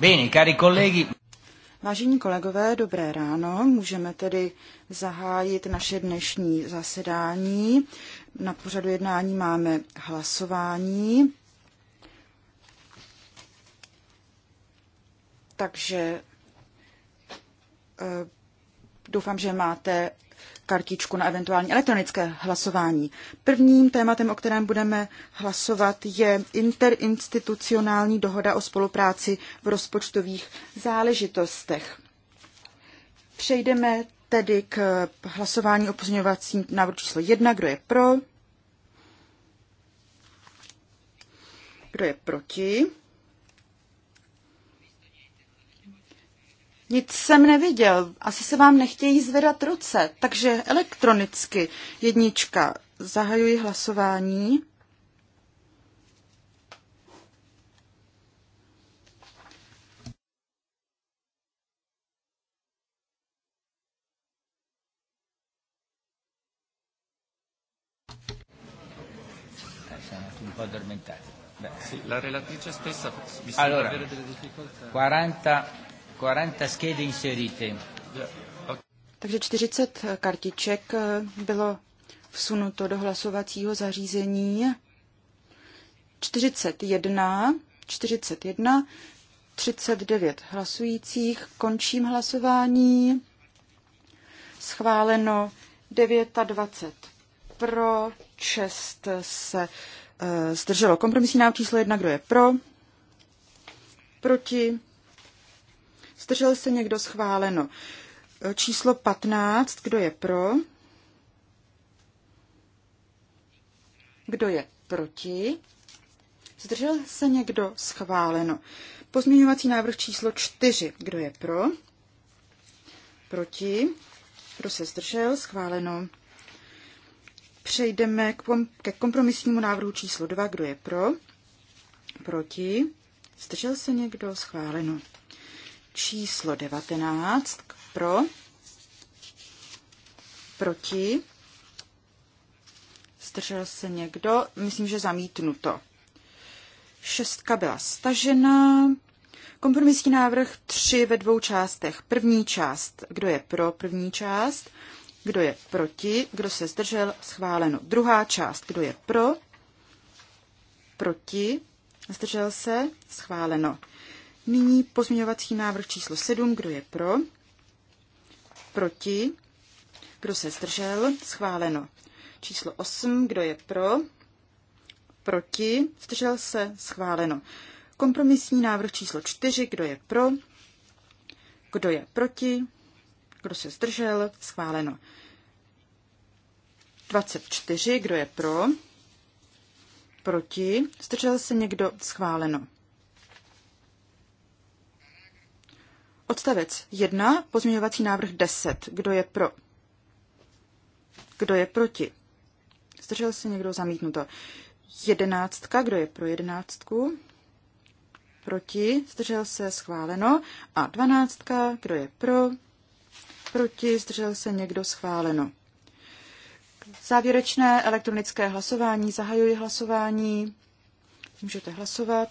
Bene, cari colleghi. Vážení kolegové, dobré ráno. Můžeme tedy zahájit naše dnešní zasedání. Na pořadu jednání máme hlasování. Takže eh, doufám, že máte kartičku na eventuální elektronické hlasování. Prvním tématem, o kterém budeme hlasovat, je interinstitucionální dohoda o spolupráci v rozpočtových záležitostech. Přejdeme tedy k hlasování o pozměňovacím návrhu číslo 1. Kdo je pro? Kdo je proti? Nic jsem neviděl. Asi se vám nechtějí zvedat ruce. Takže elektronicky. Jednička. Zahajuji hlasování. allora, 40 40 schede inserite. Takže 40 kartiček bylo vsunuto do hlasovacího zařízení. 41, 41, 39 hlasujících. Končím hlasování. Schváleno 29 pro, 6 se e, zdrželo. Kompromisní návrh číslo 1, kdo je pro? Proti? Zdržel se někdo schváleno. Číslo 15, kdo je pro? Kdo je proti? Zdržel se někdo schváleno. Pozměňovací návrh číslo 4, kdo je pro? Proti? Kdo se zdržel? Schváleno. Přejdeme ke kompromisnímu návrhu číslo 2. Kdo je pro? Proti? Zdržel se někdo? Schváleno číslo 19 pro, proti, zdržel se někdo, myslím, že zamítnuto. Šestka byla stažena. Kompromisní návrh 3 ve dvou částech. První část, kdo je pro první část, kdo je proti, kdo se zdržel, schváleno. Druhá část, kdo je pro, proti, zdržel se, schváleno. Nyní pozměňovací návrh číslo 7. Kdo je pro? Proti? Kdo se zdržel? Schváleno. Číslo 8. Kdo je pro? Proti? Zdržel se? Schváleno. Kompromisní návrh číslo 4. Kdo je pro? Kdo je proti? Kdo se zdržel? Schváleno. 24. Kdo je pro? Proti? Zdržel se někdo? Schváleno. Odstavec 1, pozměňovací návrh 10. Kdo je pro? Kdo je proti? Zdržel se někdo zamítnuto. Jedenáctka, kdo je pro jedenáctku? Proti, zdržel se, schváleno. A dvanáctka, kdo je pro? Proti, zdržel se někdo, schváleno. Závěrečné elektronické hlasování. Zahajuji hlasování. Můžete hlasovat.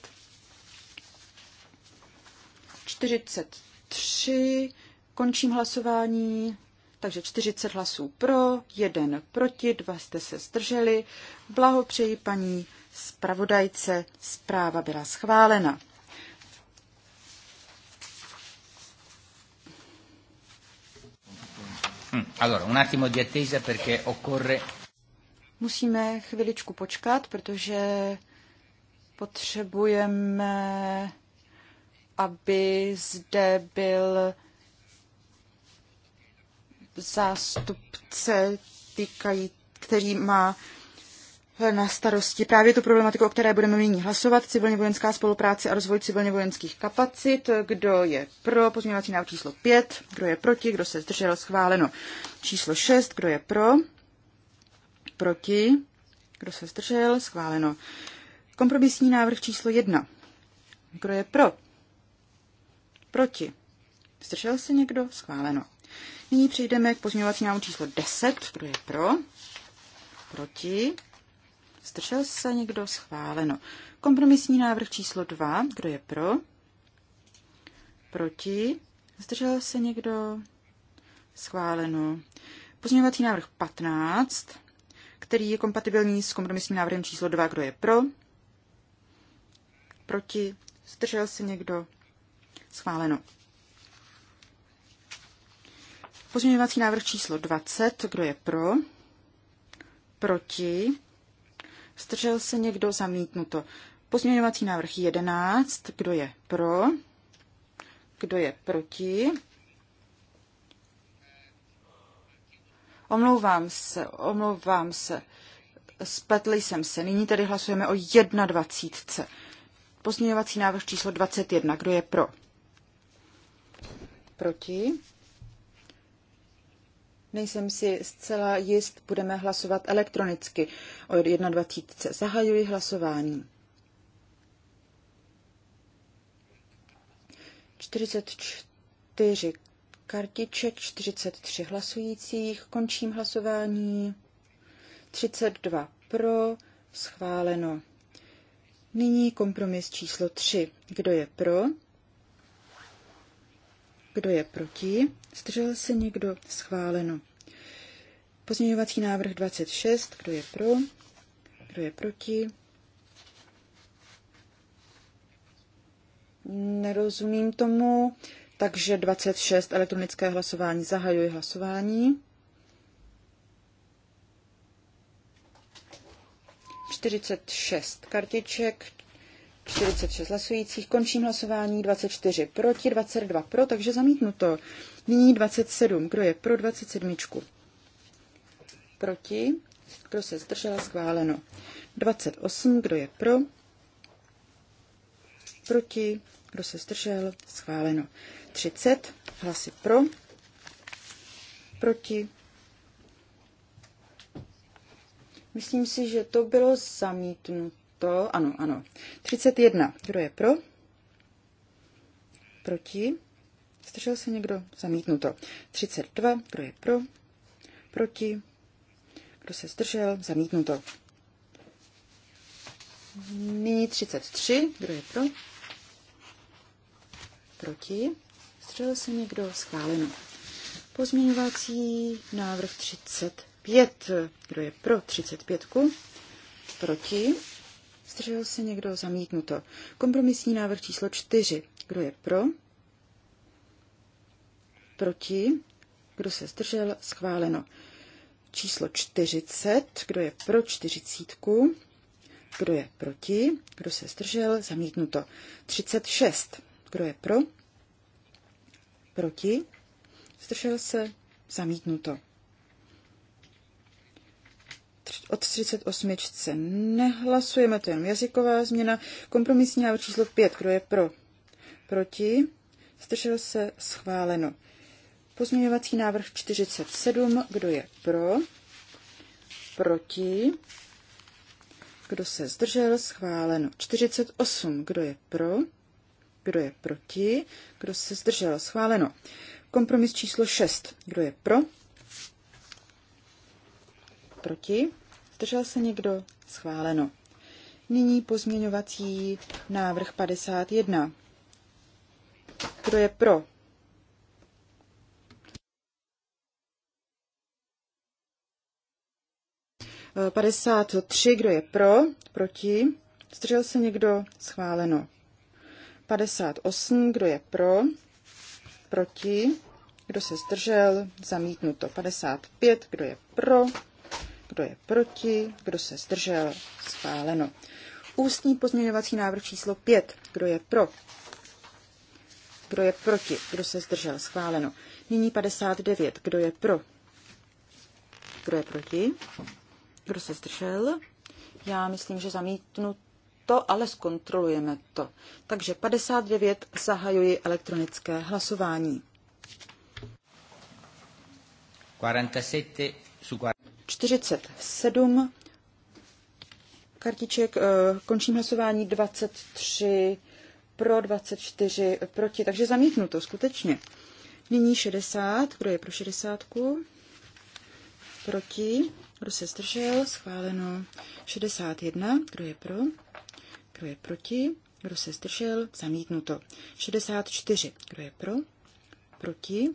40 3. Končím hlasování. Takže 40 hlasů pro, jeden proti, dva jste se zdrželi. Blahopřeji paní zpravodajce, zpráva byla schválena. Hm, allora, di attesa perché occorre... Musíme chviličku počkat, protože potřebujeme aby zde byl zástupce týkají, který má na starosti právě tu problematiku, o které budeme nyní hlasovat, civilně vojenská spolupráce a rozvoj civilně vojenských kapacit. Kdo je pro pozměňovací návrh číslo 5, kdo je proti, kdo se zdržel schváleno. Číslo 6, kdo je pro, proti, kdo se zdržel schváleno. Kompromisní návrh číslo 1. Kdo je pro? Proti. Zdržel se někdo? Schváleno. Nyní přejdeme k pozměňovacímu číslo 10. Kdo je pro? Proti. Zdržel se někdo? Schváleno. Kompromisní návrh číslo 2. Kdo je pro? Proti. Zdržel se někdo? Schváleno. Pozměňovací návrh 15, který je kompatibilní s kompromisním návrhem číslo 2. Kdo je pro? Proti? Zdržel se někdo? Schváleno. Pozměňovací návrh číslo 20. Kdo je pro? Proti? Zdržel se někdo? Zamítnuto. Pozměňovací návrh 11. Kdo je pro? Kdo je proti? Omlouvám se, omlouvám se. Spletl jsem se. Nyní tedy hlasujeme o 21. Pozměňovací návrh číslo 21. Kdo je pro? proti. Nejsem si zcela jist, budeme hlasovat elektronicky. O 21. zahajuji hlasování. 44 kartiček, 43 hlasujících, končím hlasování. 32 pro, schváleno. Nyní kompromis číslo 3. Kdo je pro? Kdo je proti? Zdržel se někdo? Schváleno. Pozměňovací návrh 26. Kdo je pro? Kdo je proti? Nerozumím tomu. Takže 26 elektronické hlasování. Zahajuji hlasování. 46 kartiček, 46 hlasujících, končím hlasování, 24 proti, 22 pro, takže zamítnuto. Nyní 27, kdo je pro 27? Proti, kdo se zdržel, schváleno. 28, kdo je pro, proti, kdo se zdržel, schváleno. 30 hlasy pro, proti. Myslím si, že to bylo zamítnuto to, ano, ano. 31. Kdo je pro? Proti? Zdržel se někdo? Zamítnuto. 32. Kdo je pro? Proti? Kdo se zdržel? Zamítnuto. Nyní 33. Kdo je pro? Proti? Zdržel se někdo? Schváleno. Pozměňovací návrh 35. Kdo je pro 35? Proti? Zdržel se někdo? Zamítnuto. Kompromisní návrh číslo čtyři. Kdo je pro? Proti? Kdo se zdržel? Schváleno. Číslo 40. Kdo je pro čtyřicítku? Kdo je proti? Kdo se zdržel? Zamítnuto. 36. Kdo je pro? Proti? Zdržel se? Zamítnuto od 38. Nehlasujeme, to je jenom jazyková změna. Kompromisní návrh číslo 5. Kdo je pro? Proti? Zdržel se? Schváleno. Pozměňovací návrh 47. Kdo je pro? Proti? Kdo se zdržel? Schváleno. 48. Kdo je pro? Kdo je proti? Kdo se zdržel? Schváleno. Kompromis číslo 6. Kdo je pro? Proti? Zdržel se někdo? Schváleno. Nyní pozměňovací návrh 51. Kdo je pro? E, eh, 53. Kdo je pro? Proti? Zdržel se někdo? Schváleno. 58. Kdo je pro? Proti? Kdo se zdržel? Zamítnuto. 55. Kdo je pro? kdo je proti, kdo se zdržel, schváleno. Ústní pozměňovací návrh číslo 5, kdo je pro, kdo je proti, kdo se zdržel, schváleno. Nyní 59, kdo je pro, kdo je proti, kdo se zdržel. Já myslím, že zamítnu to, ale zkontrolujeme to. Takže 59 zahajuji elektronické hlasování. 47 su 47 kartiček, eh, končím hlasování 23 pro, 24 proti, takže zamítnu to skutečně. Nyní 60, kdo je pro 60? Proti, kdo se zdržel, schváleno 61, kdo je pro, kdo je proti, kdo se zdržel, zamítnuto 64, kdo je pro, proti,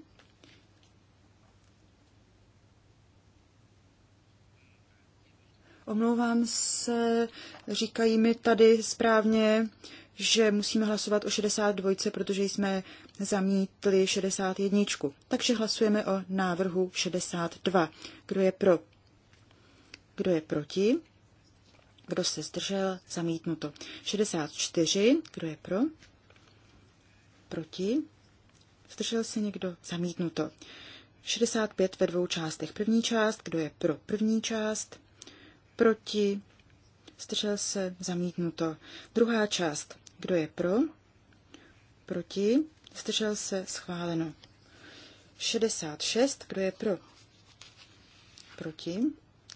Omlouvám se, říkají mi tady správně, že musíme hlasovat o 62, protože jsme zamítli 61. Takže hlasujeme o návrhu 62. Kdo je pro? Kdo je proti? Kdo se zdržel? Zamítnuto. 64. Kdo je pro? Proti? Zdržel se někdo? Zamítnuto. 65 ve dvou částech. První část. Kdo je pro první část? proti, zdržel se, zamítnuto. Druhá část, kdo je pro, proti, zdržel se, schváleno. 66, kdo je pro, proti,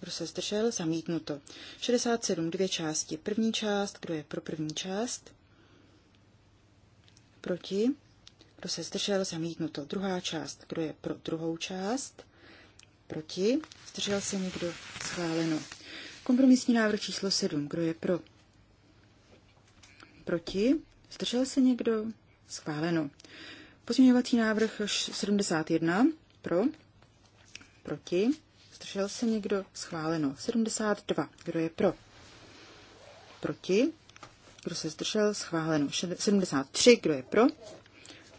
kdo se zdržel, zamítnuto. 67, dvě části, první část, kdo je pro první část, proti, kdo se zdržel, zamítnuto. Druhá část, kdo je pro druhou část, proti, zdržel se někdo, schváleno. Kompromisní návrh číslo 7. Kdo je pro? Proti? Zdržel se někdo? Schváleno. Pozměňovací návrh 71. Pro? Proti? Zdržel se někdo? Schváleno. 72. Kdo je pro? Proti? Kdo se zdržel? Schváleno. 73. Kdo je pro?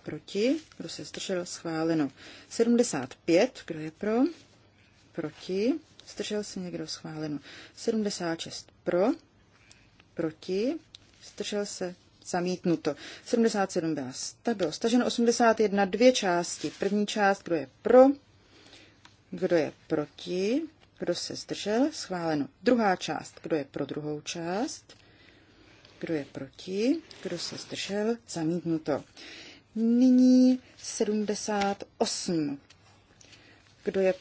Proti? Kdo se zdržel? Schváleno. 75. Kdo je pro? Proti? Zdržel se někdo schváleno. 76 pro, proti, zdržel se zamítnuto. 77 byla, stabil. staženo. 81 dvě části. První část, kdo je pro, kdo je proti, kdo se zdržel, schváleno. Druhá část, kdo je pro druhou část, kdo je proti, kdo se zdržel, zamítnuto. Nyní 78. Kdo je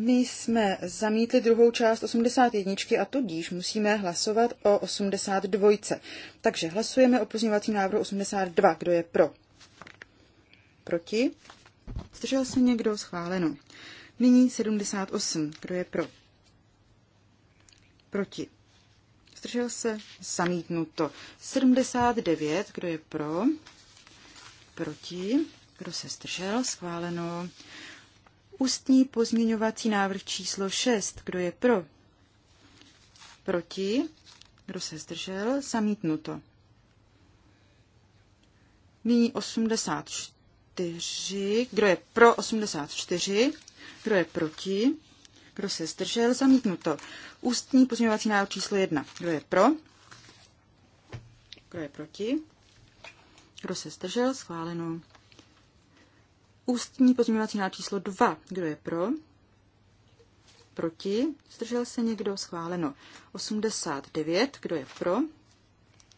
My jsme zamítli druhou část 81 a tudíž musíme hlasovat o 82. Takže hlasujeme o pozměňovacím návrhu 82. Kdo je pro? Proti? Zdržel se někdo? Schváleno. Nyní 78. Kdo je pro? Proti. Zdržel se? Zamítnuto. 79. Kdo je pro? Proti. Kdo se zdržel? Schváleno. Ústní pozměňovací návrh číslo 6. Kdo je pro? Proti? Kdo se zdržel? Zamítnuto. Nyní 84. Kdo je pro 84? Kdo je proti? Kdo se zdržel? Zamítnuto. Ústní pozměňovací návrh číslo 1. Kdo je pro? Kdo je proti? Kdo se zdržel? Schváleno. Ústní pozměňovací návrh číslo 2. Kdo je pro? Proti? Zdržel se někdo? Schváleno. 89. Kdo je pro?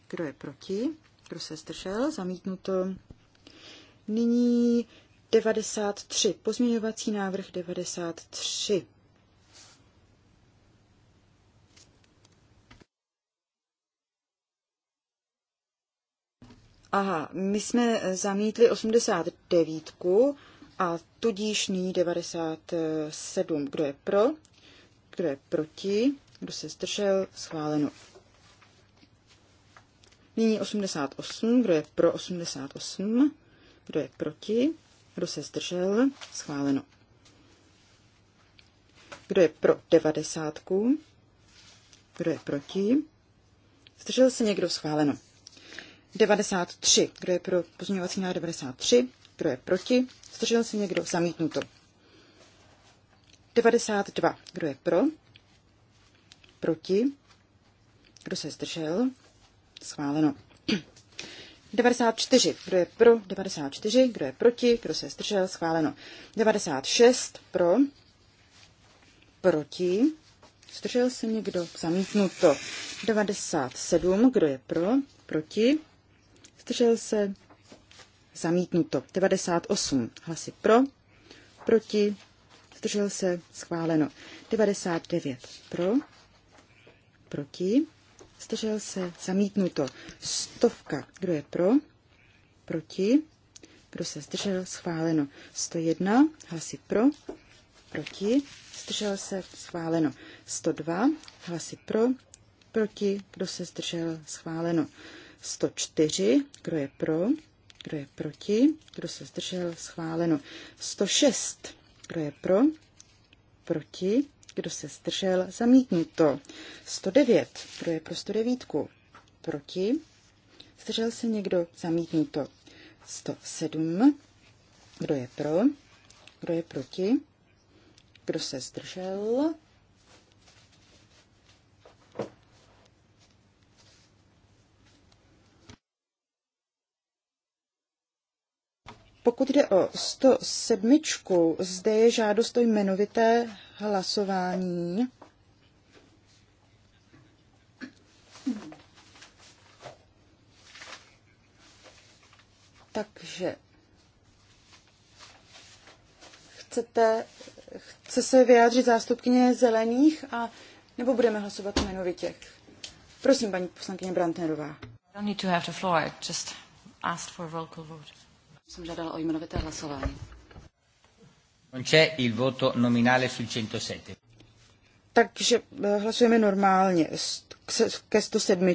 Kdo je proti? Kdo se zdržel? Zamítnuto. Nyní 93. Pozměňovací návrh 93. Aha, my jsme eh, zamítli 89 a tudíž nyní 97. Kdo je pro? Kdo je proti? Kdo se zdržel? Schváleno. Nyní 88. Kdo je pro 88? Kdo je proti? Kdo se zdržel? Schváleno. Kdo je pro 90? Kdo je proti? Zdržel se někdo? Schváleno. 93. Kdo je pro pozměňovací návrh 93? Kdo je proti? Zdržel se někdo? Zamítnuto. 92. Kdo je pro? Proti? Kdo se zdržel? Schváleno. 94. Kdo je pro? 94. Kdo je proti? Kdo se zdržel? Schváleno. 96. Pro? Proti? Zdržel se někdo? Zamítnuto. 97. Kdo je pro? Proti? zdržel se, zamítnuto. 98 hlasy pro, proti, zdržel se, schváleno. 99 pro, proti, zdržel se, zamítnuto. Stovka, kdo je pro, proti, kdo se zdržel, schváleno. 101 hlasy pro, proti, zdržel se, schváleno. 102 hlasy pro, proti, kdo se zdržel, schváleno. 104, kdo je pro, kdo je proti, kdo se zdržel, schváleno. 106, kdo je pro, proti, kdo se zdržel, zamítnuto. 109, kdo je pro 109, proti, zdržel se někdo, zamítnuto. 107, kdo je pro, kdo je proti, kdo se zdržel, Pokud jde o 107, zde je žádost o jmenovité hlasování. Takže chcete, chce se vyjádřit zástupkyně zelených a nebo budeme hlasovat jmenovitě? Prosím, paní poslankyně Brantnerová. I don't need to have the floor. I just asked for a vocal vote. Jsem žádala o jmenovité hlasování. Non c'è il voto nominale sul 107. Takže eh, hlasujeme normálně ke 107.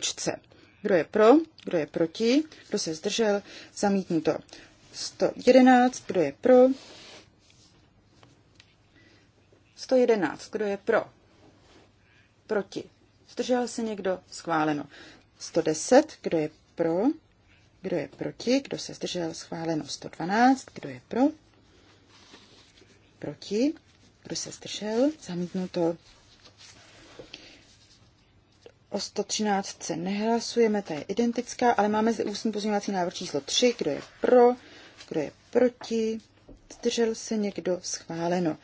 Kdo je pro, kdo je proti, kdo se zdržel, zamítnuto. 111, kdo je pro, 111, kdo je pro, proti, zdržel se někdo, schváleno. 110, kdo je pro, kdo je proti? Kdo se zdržel? Schváleno 112. Kdo je pro? Proti? Kdo se zdržel? Zamítnuto. O 113 se nehlasujeme, ta je identická, ale máme zde ústní pozměňovací návrh číslo 3. Kdo je pro? Kdo je proti? Zdržel se někdo? Schváleno.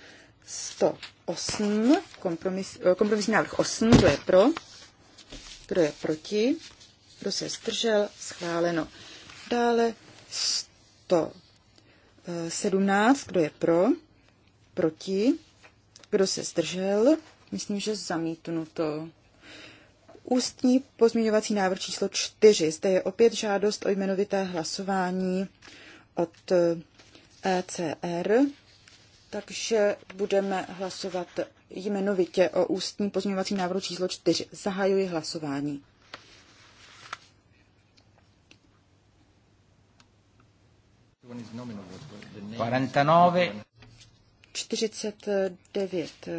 108, kompromis, eh, kompromisní návrh 8, kdo je pro? Kdo je proti? Kdo se zdržel? Schváleno. Dále 117, kdo je pro, proti, kdo se zdržel, myslím, že zamítnuto. Ústní pozměňovací návrh číslo 4. Zde je opět žádost o jmenovité hlasování od ECR, eh, e takže budeme hlasovat jmenovitě o ústní pozměňovací návrhu číslo 4. Zahajuji hlasování. 49. 49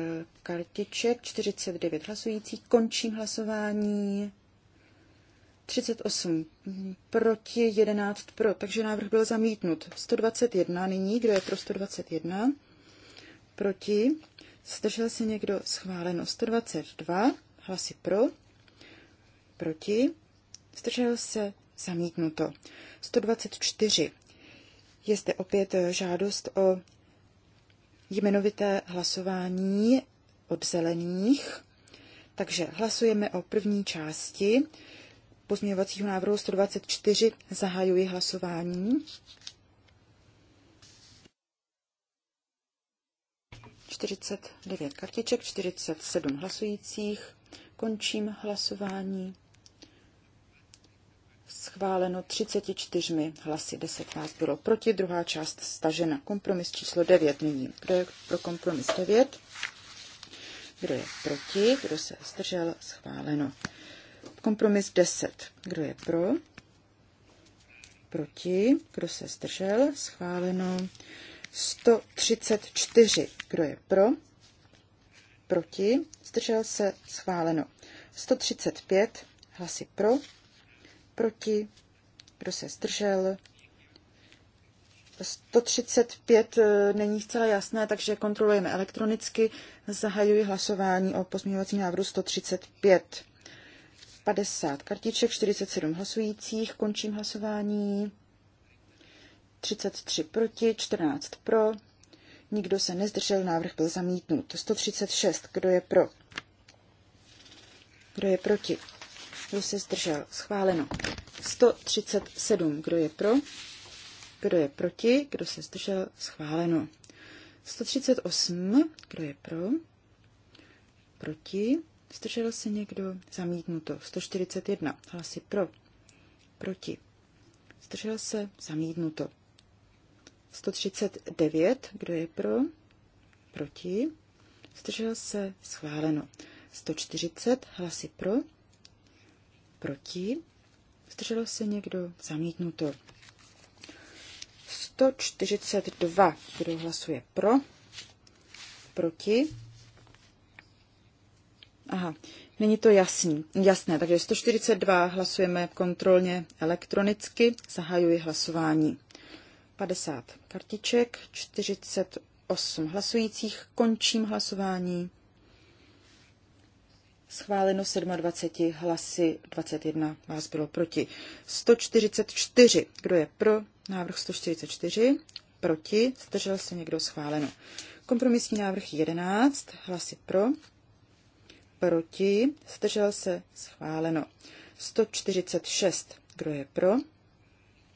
kartiček, 49 hlasujících. Končím hlasování. 38 proti, 11 pro, takže návrh byl zamítnut. 121 nyní, kdo je pro 121? Proti. Zdržel se někdo schváleno 122, hlasy pro, proti. Zdržel se zamítnuto. 124 je zde opět eh, žádost o jmenovité hlasování od zelených. Takže hlasujeme o první části pozměňovacího návrhu 124. Zahajuji hlasování. 49 kartiček, 47 hlasujících. Končím hlasování schváleno 34 hlasy, 10 hlas bylo proti, druhá část stažena. Kompromis číslo 9 nyní. Kdo je pro kompromis 9? Kdo je proti? Kdo se zdržel? Schváleno. Kompromis 10. Kdo je pro? Proti? Kdo se zdržel? Schváleno. 134. Kdo je pro? Proti? Zdržel se? Schváleno. 135 hlasy pro, proti, kdo se zdržel. 135 e, není zcela jasné, takže kontrolujeme elektronicky. Zahajuji hlasování o pozměňovacím návrhu 135. 50 kartiček, 47 hlasujících, končím hlasování. 33 proti, 14 pro. Nikdo se nezdržel, návrh byl zamítnut. 136, kdo je pro? Kdo je proti? Kdo se zdržel? Schváleno. 137. Kdo je pro? Kdo je proti? Kdo se zdržel? Schváleno. 138. Kdo je pro? Proti? Zdržel se někdo? Zamítnuto. 141. Hlasy pro. Proti. Zdržel se? Zamítnuto. 139. Kdo je pro? Proti. Zdržel se? Schváleno. 140. Hlasy pro. Proti. Zdržel se někdo? Zamítnuto. 142. Kdo hlasuje pro? Proti? Aha, není to jasný. Jasné, takže 142 hlasujeme kontrolně elektronicky. Zahajuji hlasování. 50 kartiček, 48 hlasujících. Končím hlasování schváleno 27 hlasy, 21 vás bylo proti. 144, kdo je pro návrh 144, proti, zdržel se někdo schváleno. Kompromisní návrh 11, hlasy pro, proti, zdržel se schváleno. 146, kdo je pro,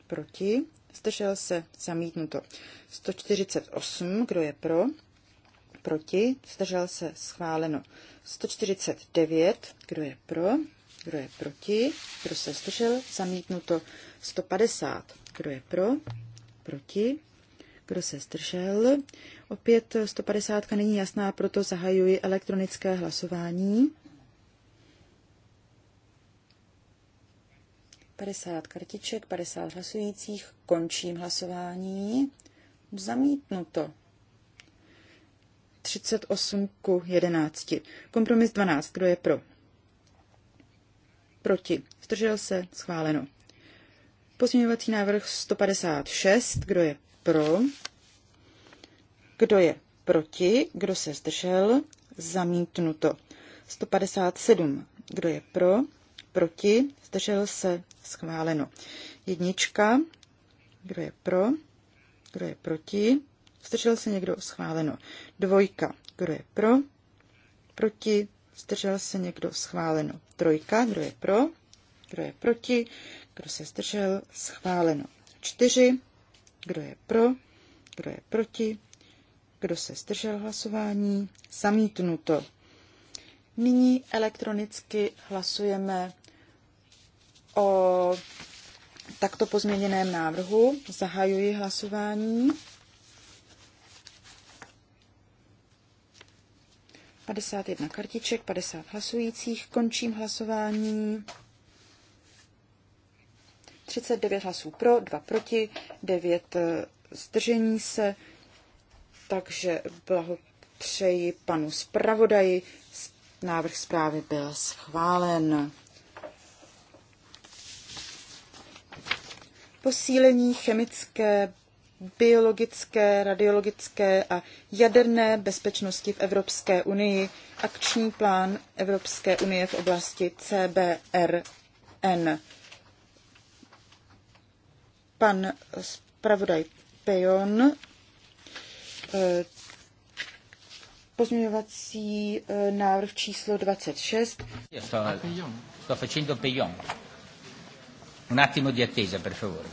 proti, zdržel se zamítnuto. 148, kdo je pro, proti, zdržel se schváleno. 149, kdo je pro, kdo je proti, kdo se zdržel, zamítnuto. 150, kdo je pro, proti, kdo se zdržel. Opět 150 není jasná, proto zahajuji elektronické hlasování. 50 kartiček, 50 hlasujících, končím hlasování. Zamítnuto. 38 ku 11. Kompromis 12. Kdo je pro? Proti. Zdržel se. Schváleno. Pozměňovací návrh 156. Kdo je pro? Kdo je proti? Kdo se zdržel? Zamítnuto. 157. Kdo je pro? Proti? Zdržel se? Schváleno. Jednička. Kdo je pro? Kdo je proti? Zdržel se někdo? Schváleno. Dvojka. Kdo je pro? Proti? Zdržel se někdo? Schváleno. Trojka. Kdo je pro? Kdo je proti? Kdo se zdržel? Schváleno. Čtyři. Kdo je pro? Kdo je proti? Kdo se zdržel hlasování? Zamítnuto. Nyní elektronicky hlasujeme o takto pozměněném návrhu. Zahajuji hlasování. 51 kartiček, 50 hlasujících. Končím hlasování. 39 hlasů pro, 2 proti, 9 eh, zdržení se. Takže blahopřeji panu zpravodaji. Návrh zprávy byl schválen. Posílení chemické biologické, radiologické a jaderné bezpečnosti v Evropské unii, akční plán Evropské unie v oblasti CBRN. Pan zpravodaj Pejon, eh, pozměňovací eh, návrh číslo 26. Sto, facendo Pejon. Un attimo di attesa, per favore.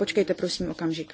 Počkejte prosím okamžik.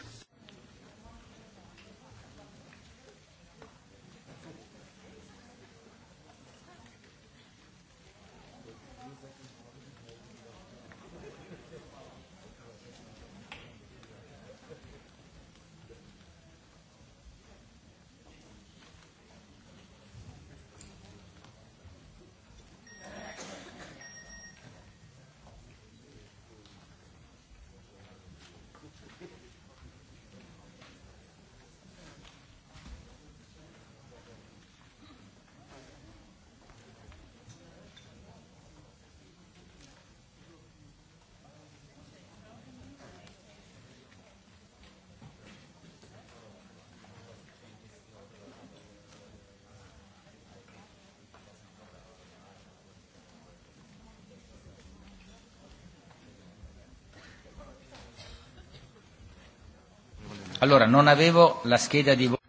Allora, non avevo la scheda di voto.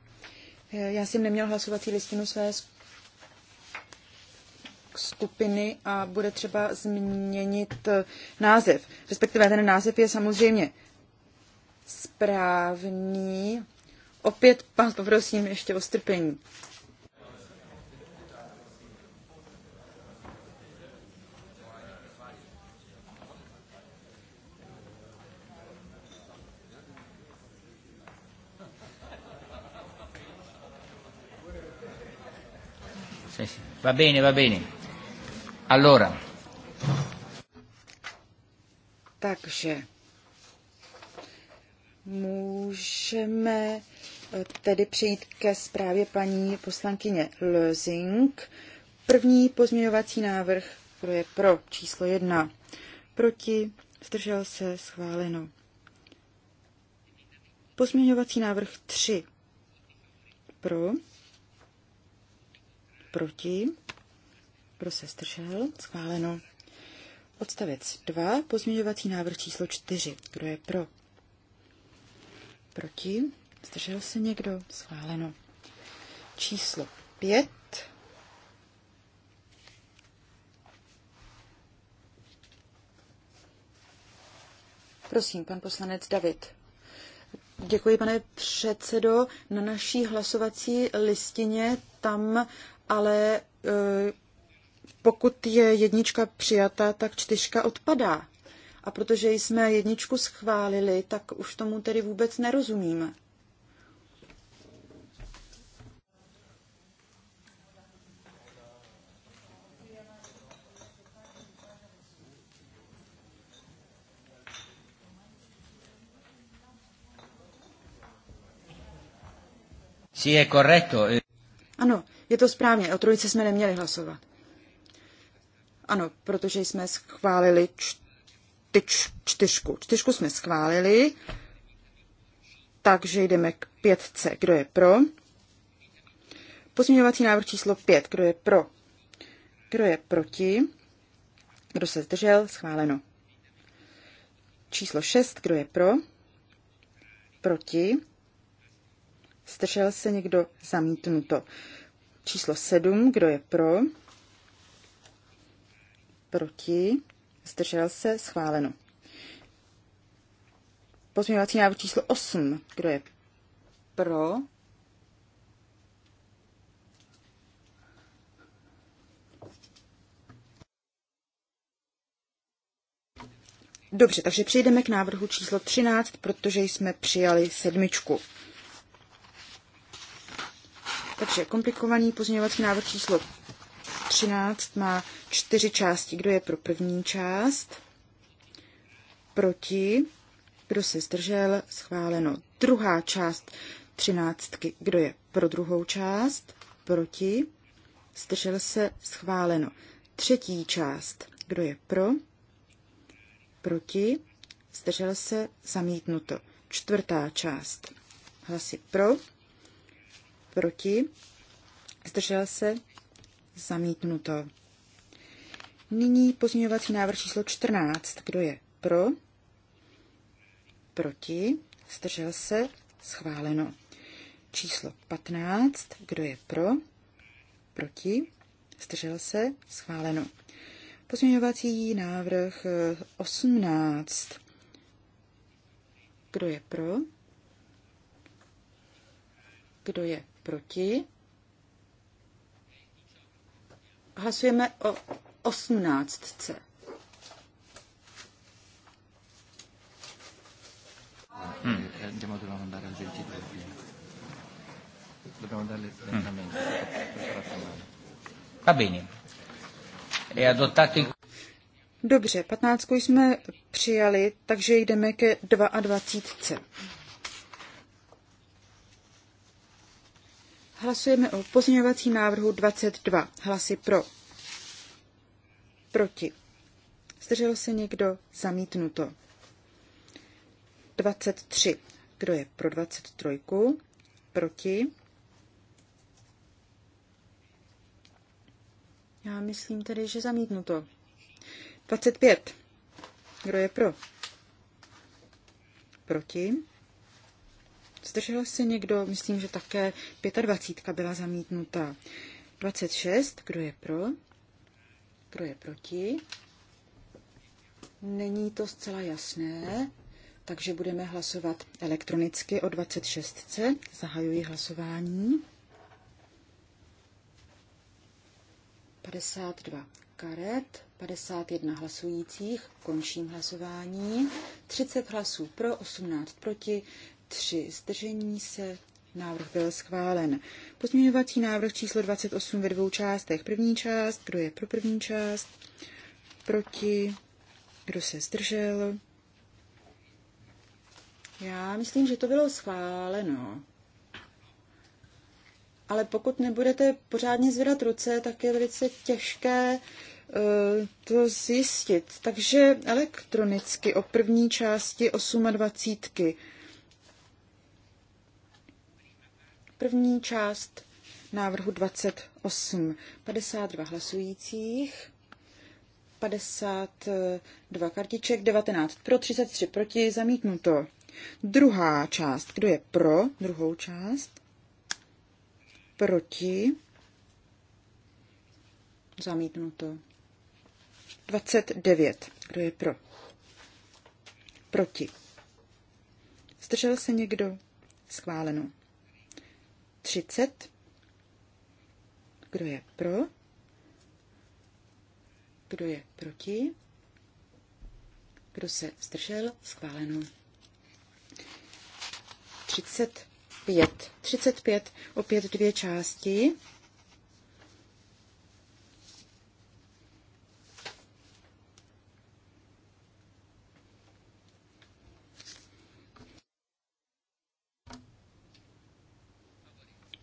Eh, já jsem neměl hlasovací listinu své skupiny a bude třeba změnit eh, název. Respektive ten název je samozřejmě správný. Opět pan poprosím ještě o strpení. Sì, sì. Va bene, va bene. Allora. Takže můžeme eh, tedy přejít ke zprávě paní poslankyně Lözing. První pozměňovací návrh, kdo je pro číslo jedna, proti, zdržel se, schváleno. Pozměňovací návrh tři, Pro, proti, kdo se zdržel, schváleno. Odstavec 2, pozměňovací návrh číslo 4, kdo je pro, proti, zdržel se někdo, schváleno. Číslo 5, Prosím, pan poslanec David. Děkuji, pane předsedo. Na naší hlasovací listině tam ale e, pokud je jednička přijata, tak čtyřka odpadá. A protože jsme jedničku schválili, tak už tomu tedy vůbec nerozumíme. Sì, è corretto. Ano, je to správně, o trojici jsme neměli hlasovat. Ano, protože jsme schválili ty čtyřku. Čtyřku jsme schválili, takže jdeme k pětce. Kdo je pro? Pozměňovací návrh číslo pět. Kdo je pro? Kdo je proti? Kdo se zdržel? Schváleno. Číslo šest. Kdo je pro? Proti? Zdržel se někdo? Zamítnuto. Číslo 7. Kdo je pro? Proti? Zdržel se? Schváleno. Pozměňovací návrh číslo 8. Kdo je pro? Dobře, takže přejdeme k návrhu číslo 13, protože jsme přijali sedmičku. Takže komplikovaný pozměňovací návrh číslo 13 má čtyři části. Kdo je pro první část? Proti? Kdo se zdržel? Schváleno. Druhá část třináctky. Kdo je pro druhou část? Proti? Zdržel se? Schváleno. Třetí část. Kdo je pro? Proti? Zdržel se? Zamítnuto. Čtvrtá část. Hlasy pro proti, zdržel se, zamítnuto. Nyní pozměňovací návrh číslo 14. Kdo je pro? Proti, zdržel se, schváleno. Číslo 15. Kdo je pro? Proti, zdržel se, schváleno. Pozměňovací návrh 18. Eh, Kdo je pro? Kdo je proti. Hlasujeme o osmnáctce. Hmm. Hmm. Dobře, patnáctku jsme přijali, takže jdeme ke 22. Hlasujeme o pozměňovacím návrhu 22. Hlasy pro. Proti. Zdržel se někdo? Zamítnuto. 23. Kdo je pro 23? Proti. Já myslím tedy, že zamítnuto. 25. Kdo je pro? Proti. Zdržel se někdo? Myslím, že také 25 byla zamítnuta. 26. Kdo je pro? Kdo je proti? Není to zcela jasné, takže budeme hlasovat elektronicky o 26. Zahajuji hlasování. 52 karet, 51 hlasujících, končím hlasování, 30 hlasů pro, 18 proti, 3. Zdržení se. Návrh byl schválen. Pozměňovací návrh číslo 28 ve dvou částech. První část, kdo je pro první část, proti, kdo se zdržel. Já myslím, že to bylo schváleno. Ale pokud nebudete pořádně zvedat ruce, tak je velice těžké eh, to zjistit. Takže elektronicky o první části 28. První část návrhu 28. 52 hlasujících, 52 kartiček, 19 pro, 33 proti, zamítnuto. Druhá část. Kdo je pro druhou část? Proti. Zamítnuto. 29. Kdo je pro? Proti. Zdržel se někdo? Schváleno. 30. Kdo je pro? Kdo je proti? Kdo se zdržel? Schváleno. 35. 35. Opět dvě části.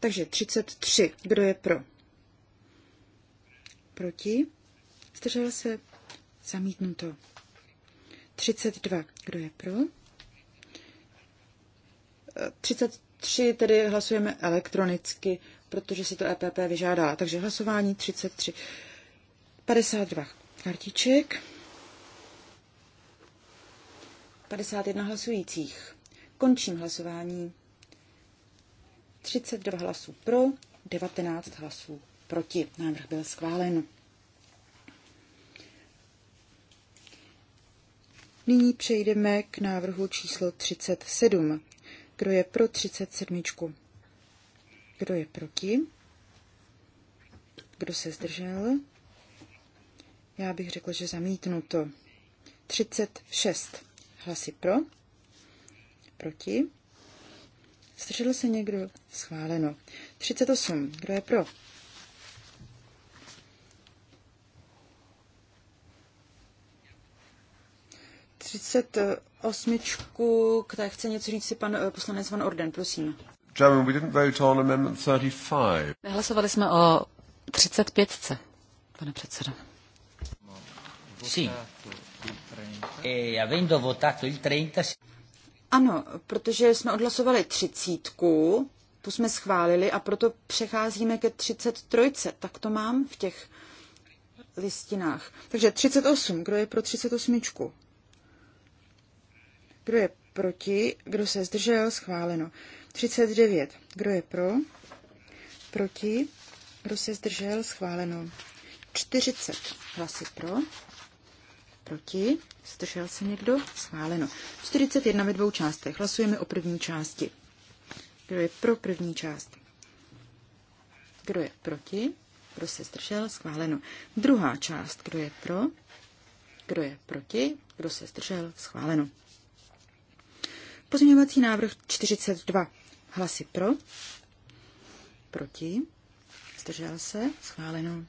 Takže 33. Kdo je pro? Proti? Zdržela se? Zamítnuto. 32. Kdo je pro? 33 tedy hlasujeme elektronicky, protože si to EPP vyžádá. Takže hlasování 33. 52 kartiček. 51 hlasujících. Končím hlasování. 32 hlasů pro, 19 hlasů proti. Návrh byl schválen. Nyní přejdeme k návrhu číslo 37. Kdo je pro 37? Kdo je proti? Kdo se zdržel? Já bych řekl, že zamítnuto. 36 hlasy pro, proti Zdržel se někdo? Schváleno. 38. Kdo je pro? Třicet osmičku, které chce něco říct si pan eh, poslanec Van Orden, prosím. German, we didn't vote on amendment 35. Nehlasovali jsme o 35. Pane předsedo. Sí. E avendo votato il 30... Ano, protože jsme odhlasovali třicítku, tu jsme schválili a proto přecházíme ke 33. Tak to mám v těch listinách. Takže 38. Kdo je pro 38? Kdo je proti? Kdo se zdržel? Schváleno. 39. Kdo je pro? Proti? Kdo se zdržel? Schváleno. 40 hlasy pro. Proti? Zdržel se někdo? Schváleno. 41 ve dvou částech. Hlasujeme o první části. Kdo je pro první část? Kdo je proti? Kdo se zdržel? Schváleno. Druhá část. Kdo je pro? Kdo je proti? Kdo se zdržel? Schváleno. Pozměňovací návrh 42. Hlasy pro? Proti? Zdržel se? Schváleno.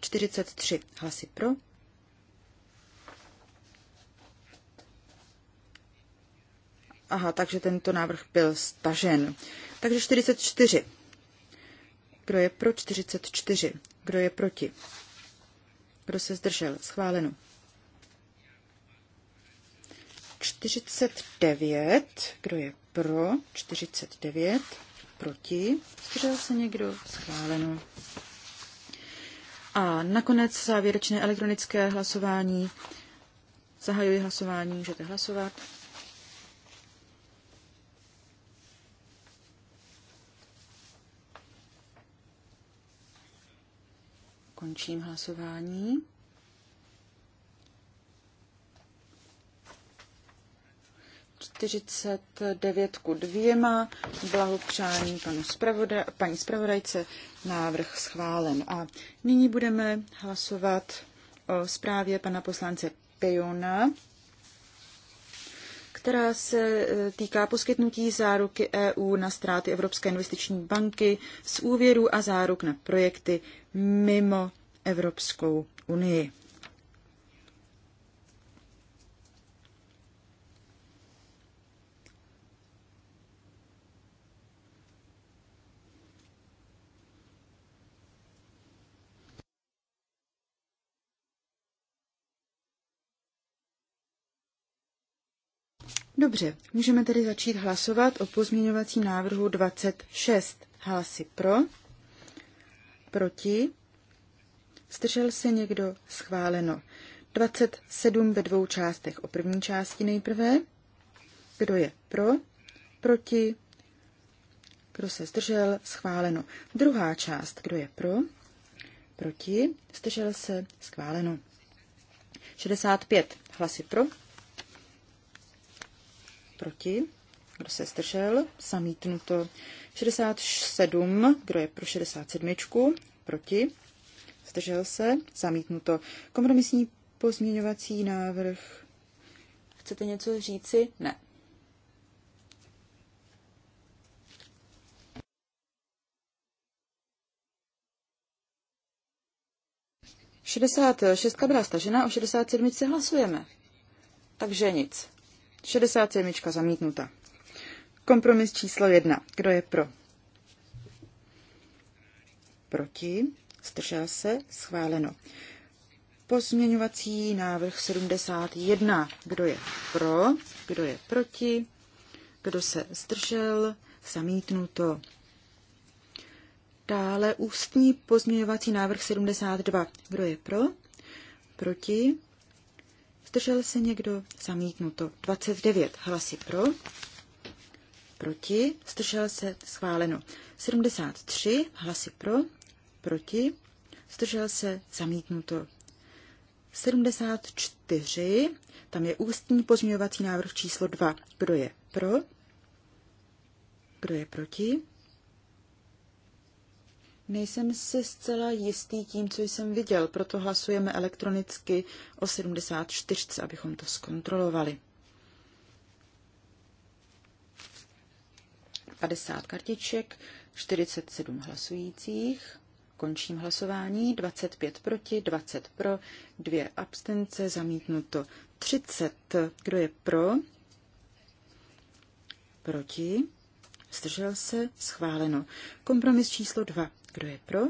43 hlasy pro, Aha, takže tento návrh byl stažen. Takže 44. Kdo je pro 44? Kdo je proti? Kdo se zdržel? Schváleno. 49. Kdo je pro? 49. Proti? Zdržel se někdo? Schváleno. A nakonec závěrečné elektronické hlasování. Zahajuji hlasování, můžete hlasovat. Končím hlasování. devět ku dvěma. Blahopřání panu spravodaj, paní zpravodajce. Návrh schválen. A nyní budeme hlasovat o zprávě pana poslance Pejona která se e, týká poskytnutí záruky EU na ztráty Evropské investiční banky z úvěru a záruk na projekty mimo Evropskou unii. Dobře, můžeme tedy začít hlasovat o pozměňovacím návrhu 26. Hlasy pro, proti, zdržel se někdo schváleno. 27 ve dvou částech. O první části nejprve. Kdo je pro, proti, kdo se zdržel, schváleno. Druhá část, kdo je pro, proti, zdržel se, schváleno. 65 hlasy pro, proti, kdo se zdržel, zamítnuto 67, kdo je pro 67, proti, zdržel se, zamítnuto kompromisní pozměňovací návrh. Chcete něco říci? Ne. Šedesát šestka byla stažena, o šedesát sedmičce hlasujeme. Takže nic. 67. zamítnuta. Kompromis číslo 1. Kdo je pro? Proti? Zdržel se? Schváleno. Pozměňovací návrh 71. Kdo je pro? Kdo je proti? Kdo se zdržel? Zamítnuto. Dále ústní pozměňovací návrh 72. Kdo je pro? Proti? Zdržel se někdo? Zamítnuto. 29 hlasy pro. Proti. Zdržel se? Schváleno. 73 hlasy pro. Proti. Zdržel se? Zamítnuto. 74. Tam je ústní pozměňovací návrh číslo 2. Kdo je pro? Kdo je proti? Nejsem si zcela jistý tím, co jsem viděl, proto hlasujeme elektronicky o 74, abychom to zkontrolovali. 50 kartiček, 47 hlasujících. Končím hlasování. 25 proti, 20 pro, 2 abstence, zamítnuto 30. Kdo je pro? Proti? Zdržel se? Schváleno. Kompromis číslo 2. Kdo je pro?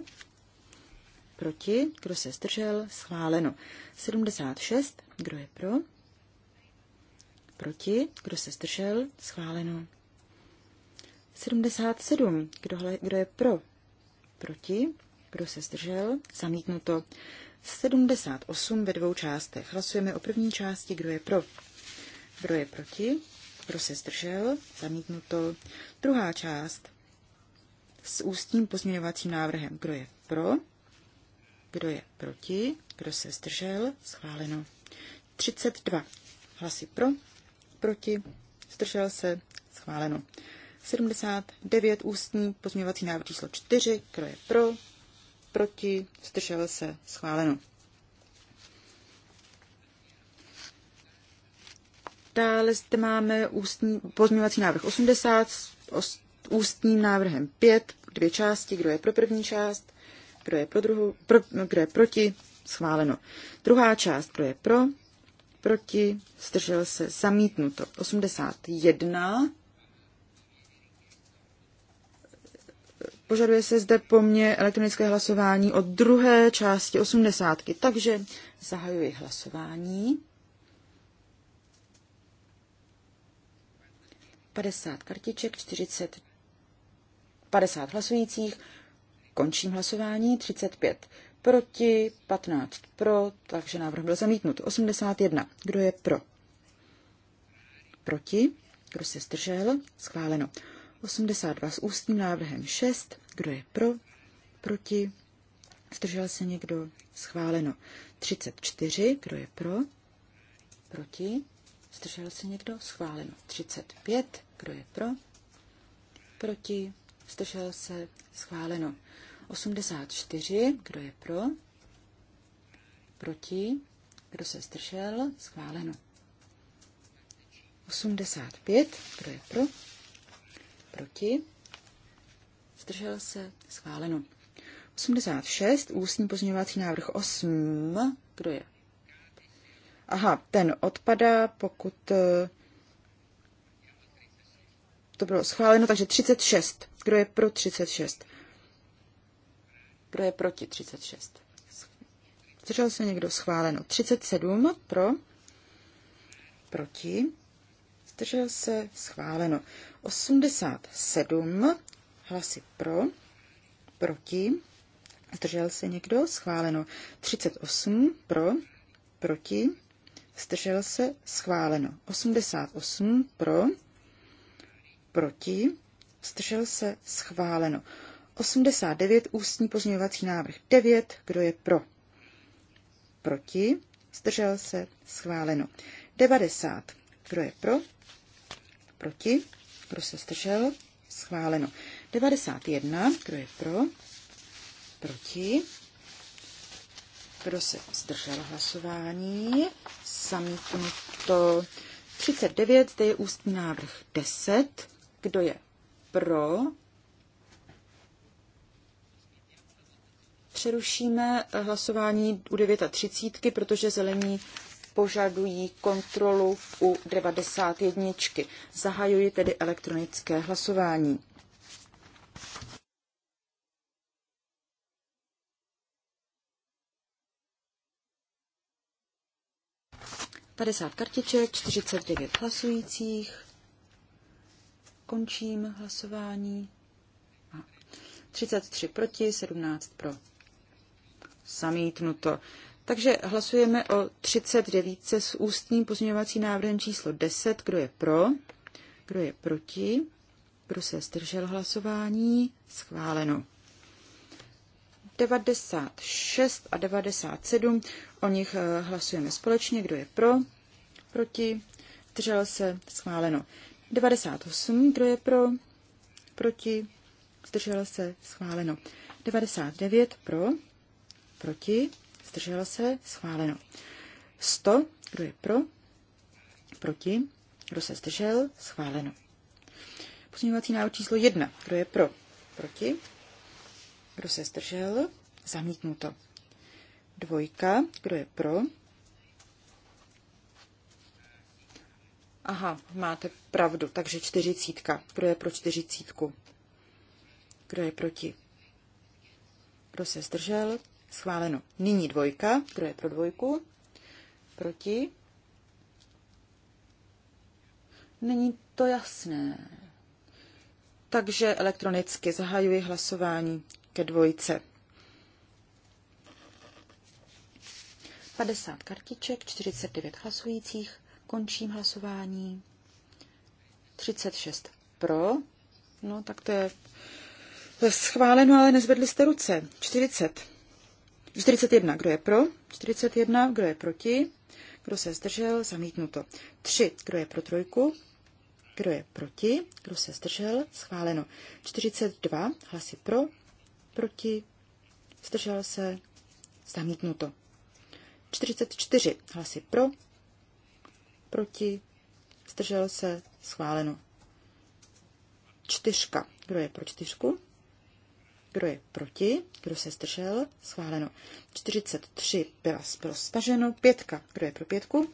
Proti? Kdo se zdržel? Schváleno. 76. Kdo je pro? Proti? Kdo se zdržel? Schváleno. 77. Kdo, kdo je pro? Proti? Kdo se zdržel? Zamítnuto. 78 ve dvou částech. Hlasujeme o první části, kdo je pro. Kdo je proti? Kdo se zdržel? Zamítnuto. Druhá část s ústním pozměňovacím návrhem. Kdo je pro? Kdo je proti? Kdo se zdržel? Schváleno. 32 hlasy pro, proti, zdržel se, schváleno. 79 ústní pozměňovací návrh číslo 4, kdo je pro, proti, zdržel se, schváleno. Dále zde máme ústní pozměňovací návrh 80 os, ústním návrhem 5, dvě části, kdo je pro první část, kdo je, pro druhou, pro, kdo je proti, schváleno. Druhá část, kdo je pro, proti, zdržel se, zamítnuto. 81. Požaduje se zde po mně elektronické hlasování od druhé části 80. Takže zahajuji hlasování. 50 kartiček, 40 50 hlasujících, končím hlasování, 35 proti, 15 pro, takže návrh byl zamítnut. 81. Kdo je pro? Proti. Kdo se zdržel? Schváleno. 82 s ústním návrhem 6. Kdo je pro? Proti. Zdržel se někdo? Schváleno. 34. Kdo je pro? Proti. Zdržel se někdo? Schváleno. 35. Kdo je pro? Proti. Zdržel se? Schváleno. 84. Kdo je pro? Proti? Kdo se zdržel? Schváleno. 85. Kdo je pro? Proti? Zdržel se? Schváleno. 86. Ústní pozměňovací návrh 8. Kdo je? Aha, ten odpadá, pokud eh, to bylo schváleno, takže 36. Kdo je pro 36? Kdo je proti 36? Zdržel se někdo schváleno. 37 pro, proti, zdržel se schváleno. 87 hlasy pro, proti, zdržel se někdo schváleno. 38 pro, proti, zdržel se schváleno. 88 pro, proti, zdržel se, schváleno. 89 ústní pozměňovací návrh 9, kdo je pro? Proti, zdržel se, schváleno. 90, kdo je pro? Proti, kdo se zdržel, schváleno. 91, kdo je pro? Proti, kdo se zdržel hlasování, Samítnuto. 39, zde je ústní návrh 10, kdo je pro. Přerušíme hlasování u 39, protože zelení požadují kontrolu u 91. Zahajuji tedy elektronické hlasování. Padesát kartiček, 49 hlasujících. Končím hlasování. 33 proti, 17 pro. Samítnuto. Takže hlasujeme o 39 s ústním pozměňovacím návrhem číslo 10. Kdo je pro? Kdo je proti? Kdo se zdržel hlasování? Schváleno. 96 a 97. O nich eh, hlasujeme společně. Kdo je pro? Proti? Zdržel se? Schváleno. 98, kdo je pro, proti, zdržel se, schváleno. 99 pro, proti, zdržel se, schváleno. 100, kdo je pro, proti, kdo se zdržel, schváleno. Pozměňovací návrh číslo 1, kdo je pro, proti, kdo se zdržel, zamítnuto. Dvojka, kdo je pro, Aha, máte pravdu, takže čtyřicítka. Kdo je pro čtyřicítku? Kdo je proti? Kdo se zdržel? Schváleno. Nyní dvojka. Kdo je pro dvojku? Proti? Není to jasné. Takže elektronicky zahajuji hlasování ke dvojce. 50 kartiček, 49 hlasujících, Končím hlasování. 36 pro. No, tak to je schváleno, ale nezvedli jste ruce. 40. 41. Kdo je pro? 41. Kdo je proti? Kdo se zdržel? Zamítnuto. 3. Kdo je pro trojku? Kdo je proti? Kdo se zdržel? Schváleno. 42. Hlasy pro? Proti? Zdržel se? Zamítnuto. 44. Hlasy pro? proti, zdržel se, schváleno. Čtyřka. Kdo je pro čtyřku? Kdo je proti? Kdo se zdržel? Schváleno. 43 byla pro staženo. Pětka. Kdo je pro pětku?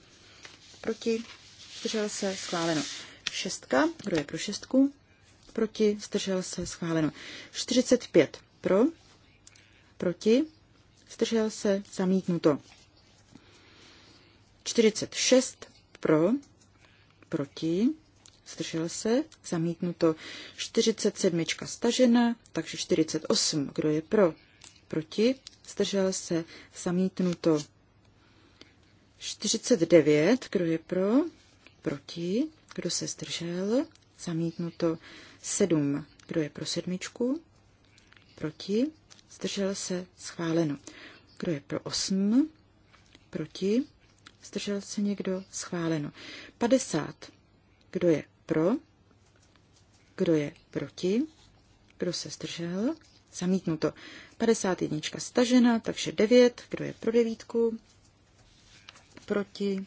Proti. Zdržel se. Schváleno. Šestka. Kdo je pro šestku? Proti. Zdržel se. Schváleno. 45 pro. Proti. Zdržel se. Zamítnuto. 46 pro, proti, zdržel se, zamítnuto 47 stažena, takže 48, kdo je pro, proti, zdržel se, zamítnuto 49, kdo je pro, proti, kdo se zdržel, zamítnuto 7, kdo je pro sedmičku, proti, zdržel se, schváleno. Kdo je pro 8, proti, Zdržel se někdo? Schváleno. 50. Kdo je pro? Kdo je proti? Kdo se zdržel? Zamítnuto. 51 stažena, takže 9. Kdo je pro devítku? Proti?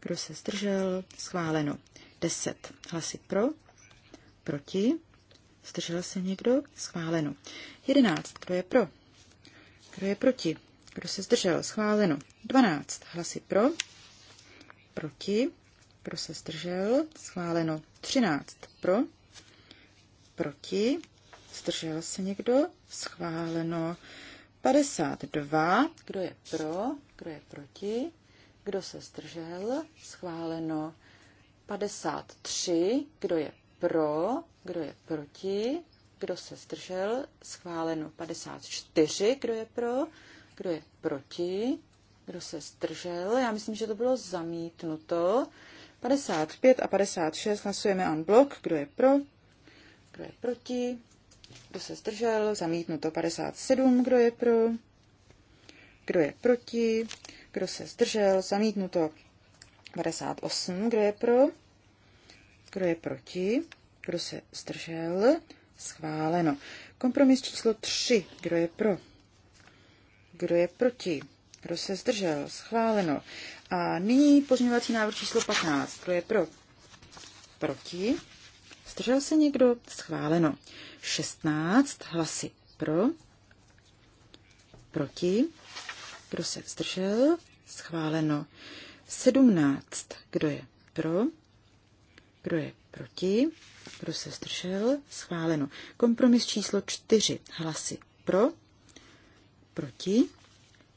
Kdo se zdržel? Schváleno. 10. Hlasy pro? Proti? Zdržel se někdo? Schváleno. 11. Kdo je pro? Kdo je proti? Kdo se zdržel? Schváleno. 12 hlasy pro, proti, pro se zdržel, schváleno 13 pro, proti, zdržel se někdo, schváleno 52, kdo je pro, kdo je proti, kdo se zdržel, schváleno 53, kdo je pro, kdo je proti, kdo se zdržel, schváleno 54, kdo je pro, kdo je proti, kdo se zdržel? Já myslím, že to bylo zamítnuto. 55 a 56 hlasujeme on blok. Kdo je pro? Kdo je proti? Kdo se zdržel? Zamítnuto 57. Kdo je pro? Kdo je proti? Kdo se zdržel? Zamítnuto 58. Kdo je pro? Kdo je proti? Kdo se zdržel? Schváleno. Kompromis číslo 3. Kdo je pro? Kdo je proti? kdo se zdržel, schváleno. A nyní pozměňovací návrh číslo 15, kdo je pro, proti, zdržel se někdo, schváleno. 16 hlasy pro, proti, kdo se zdržel, schváleno. 17, kdo je pro, kdo je proti? Kdo se zdržel? Schváleno. Kompromis číslo 4. Hlasy pro, proti.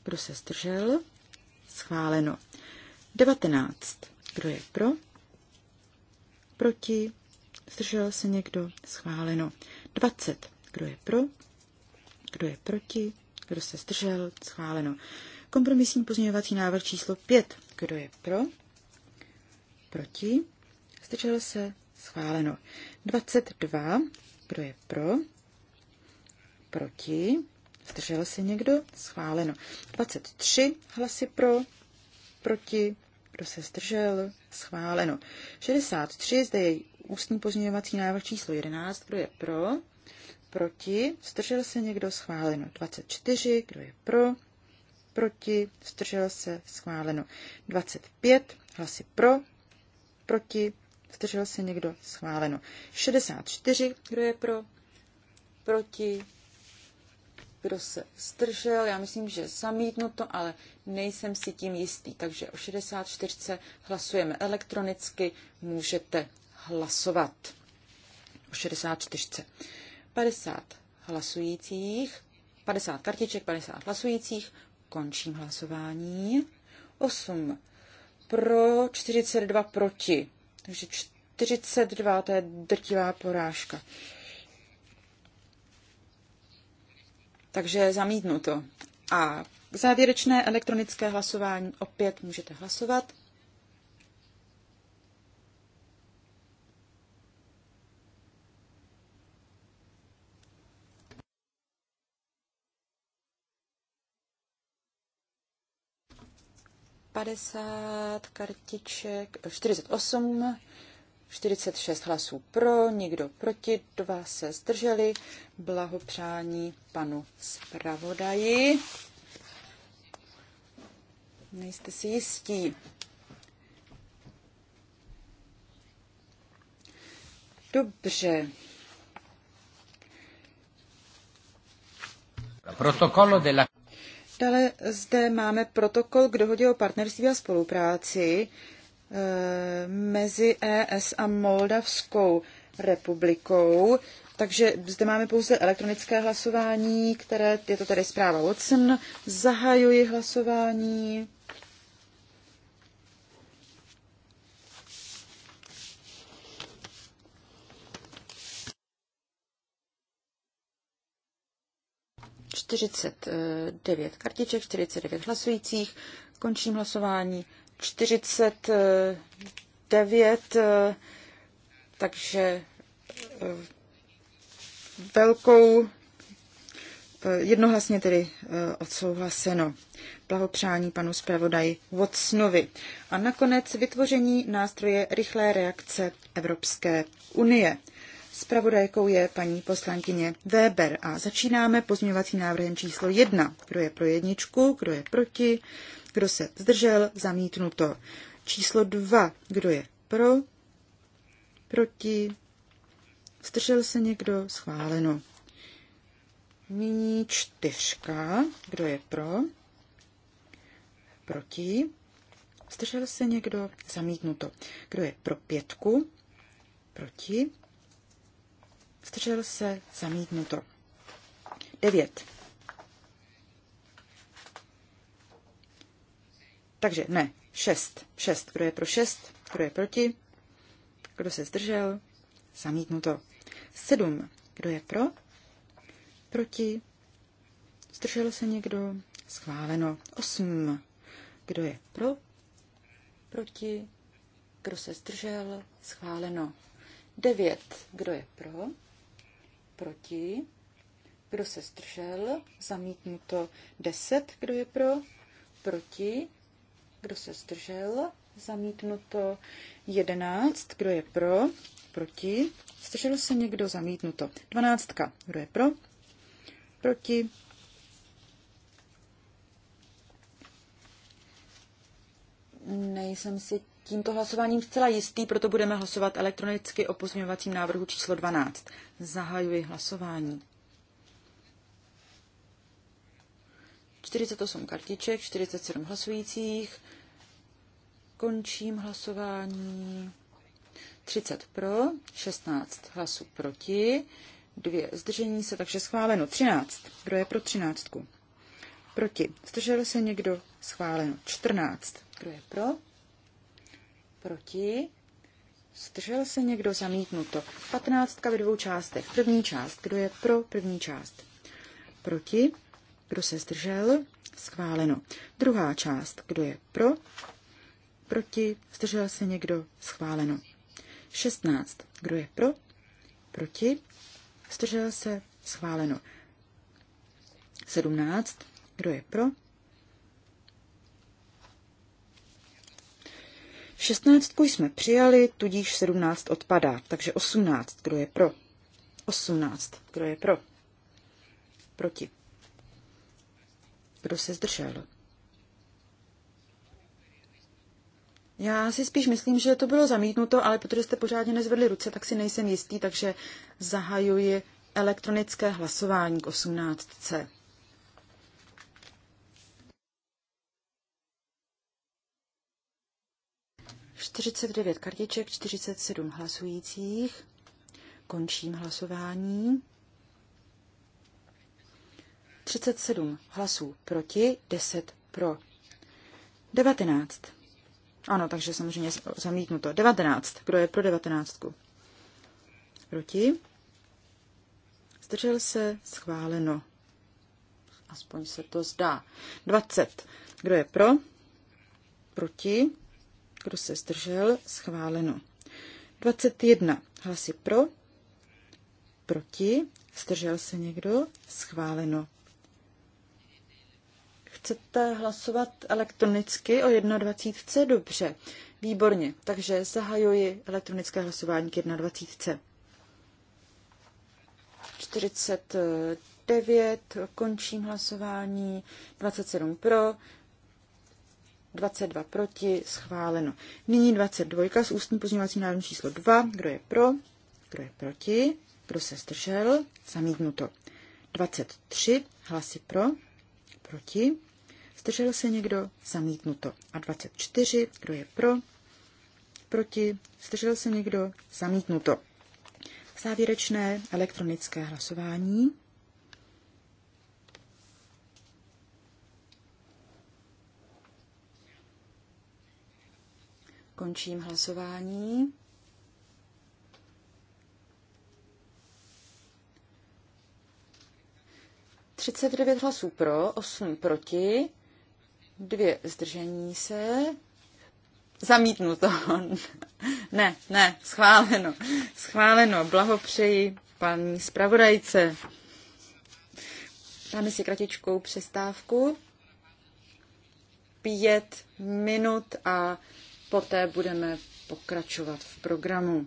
Kdo se zdržel? Schváleno. 19. Kdo je pro? Proti? Zdržel se někdo? Schváleno. 20. Kdo je pro? Kdo je proti? Kdo se zdržel? Schváleno. Kompromisní pozměňovací návrh číslo 5. Kdo je pro? Proti? Zdržel se? Schváleno. 22. Kdo je pro? Proti? Zdržel se někdo? Schváleno. 23 hlasy pro, proti, kdo se zdržel? Schváleno. 63, zde je ústní pozměňovací návrh číslo 11, kdo je pro, proti, zdržel se někdo? Schváleno. 24, kdo je pro, proti, zdržel se? Schváleno. 25, hlasy pro, proti, zdržel se někdo? Schváleno. 64, kdo je pro, proti, kdo se zdržel, já myslím, že to, ale nejsem si tím jistý. Takže o 64 hlasujeme elektronicky, můžete hlasovat. O 64. 50 hlasujících, 50 kartiček, 50 hlasujících, končím hlasování. 8 pro, 42 proti. Takže 42, to je drtivá porážka. Takže zamítnu to. A závěrečné elektronické hlasování opět můžete hlasovat. Padesát kartiček, 48 46 hlasů pro, nikdo proti, dva se zdrželi. Blahopřání panu zpravodaji. Nejste si jistí. Dobře. Protokolo de la... Dále zde máme protokol k dohodě o partnerství a spolupráci Eh, mezi ES a Moldavskou republikou. Takže zde máme pouze elektronické hlasování, které je to tedy zpráva Watson. Zahajuji hlasování. Čtyřicet eh, devět kartiček, čtyřicet devět hlasujících. Končím hlasování. 49, eh, takže eh, velkou eh, jednohlasně tedy odsouhlaseno. Blahopřání panu zpravodaji Watsonovi. A nakonec vytvoření nástroje rychlé reakce Evropské unie. Spravodajkou je paní poslankyně Weber a začínáme pozměňovacím návrhem číslo 1. Kdo je pro jedničku, kdo je proti, kdo se zdržel? Zamítnuto. Číslo 2. Kdo je pro? Proti? Zdržel se někdo? Schváleno. Nyní čtyřka. Kdo je pro? Proti? Zdržel se někdo? Zamítnuto. Kdo je pro pětku? Proti? Zdržel se? Zamítnuto. Devět. Takže ne, 6. 6. Kdo je pro 6? Kdo je proti? Kdo se zdržel? Zamítnuto. 7. Kdo je pro? Proti? Zdržel se někdo? Schváleno. 8. Kdo je pro? Proti? Kdo se zdržel? Schváleno. 9. Kdo je pro? Proti? Kdo se zdržel? Zamítnuto. 10. Kdo je pro? Proti? Kdo se zdržel? Zamítnuto. 11. Kdo je pro? Proti. Zdržel se někdo? Zamítnuto. 12. Kdo je pro? Proti. Nejsem si tímto hlasováním zcela jistý, proto budeme hlasovat elektronicky o pozměňovacím návrhu číslo 12. Zahajuji hlasování. 48 kartiček, 47 hlasujících. Končím hlasování. 30 pro, 16 hlasů proti, dvě zdržení se, takže schváleno 13. Kdo je pro 13? Proti. Zdržel se někdo? Schváleno 14. Kdo je pro? Proti. Zdržel se někdo? Zamítnuto. 15 ve dvou částech. První část. Kdo je pro první část? Proti. Kdo se zdržel? Schváleno. Druhá část. Kdo je pro? Proti? Zdržel se někdo? Schváleno. 16. Kdo je pro? Proti? Zdržel se? Schváleno. 17. Kdo je pro? 16 jsme přijali, tudíž 17 odpadá, takže 18. Kdo je pro? 18. Kdo je pro? Proti. Kdo se zdržel? Já si spíš myslím, že to bylo zamítnuto, ale protože jste pořádně nezvedli ruce, tak si nejsem jistý, takže zahajuji elektronické hlasování k 18. Čtyřicet devět kartiček, 47 hlasujících. Končím hlasování. 37 hlasů proti, 10 pro. 19. Ano, takže samozřejmě zamítnu to. 19. Kdo je pro 19? Proti. Zdržel se, schváleno. Aspoň se to zdá. 20. Kdo je pro? Proti. Kdo se zdržel? Schváleno. 21. Hlasy pro. Proti. Zdržel se někdo? Schváleno. Chcete hlasovat elektronicky o 21. Dobře, výborně. Takže zahajuji elektronické hlasování k 21. 49, končím hlasování, 27 pro, 22 proti, schváleno. Nyní 22 s ústním pozměňovacím návrhem číslo 2. Kdo je pro? Kdo je proti? Kdo se zdržel? Zamítnuto. 23 hlasy pro, proti, Zdržel se někdo? Zamítnuto. A 24. Kdo je pro? Proti? Zdržel se někdo? Zamítnuto. Závěrečné elektronické hlasování. Končím hlasování. Třicet devět hlasů pro, osm proti dvě zdržení se, zamítnuto. ne, ne, schváleno. Schváleno, blahopřeji paní zpravodajce. Dáme si kratičkou přestávku. Pět minut a poté budeme pokračovat v programu.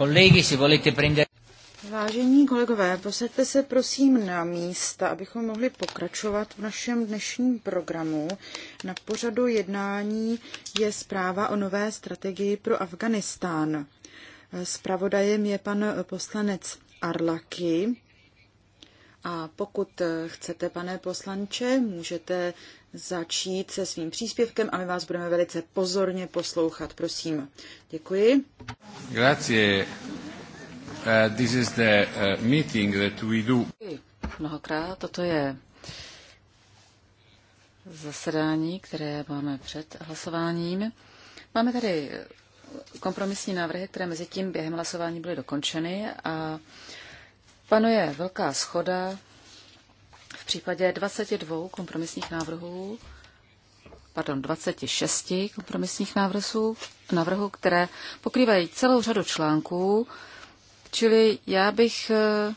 Kolegy, si volíte prendere... Vážení kolegové, posaďte se prosím na místa, abychom mohli pokračovat v našem dnešním programu. Na pořadu jednání je zpráva o nové strategii pro Afganistán. Spravodajem je pan poslanec Arlaky. A pokud chcete, pane poslanče, můžete začít se svým příspěvkem a my vás budeme velice pozorně poslouchat. Prosím. Děkuji. Grazie. Uh, this is the uh, meeting that we do. Mnohokrát toto je zasedání, které máme před hlasováním. Máme tady kompromisní návrhy, které mezi tím během hlasování byly dokončeny a panuje velká schoda v případě 22 kompromisních návrhů pardon, 26 kompromisních návrhů, návrhů, které pokrývají celou řadu článků, čili já bych eh,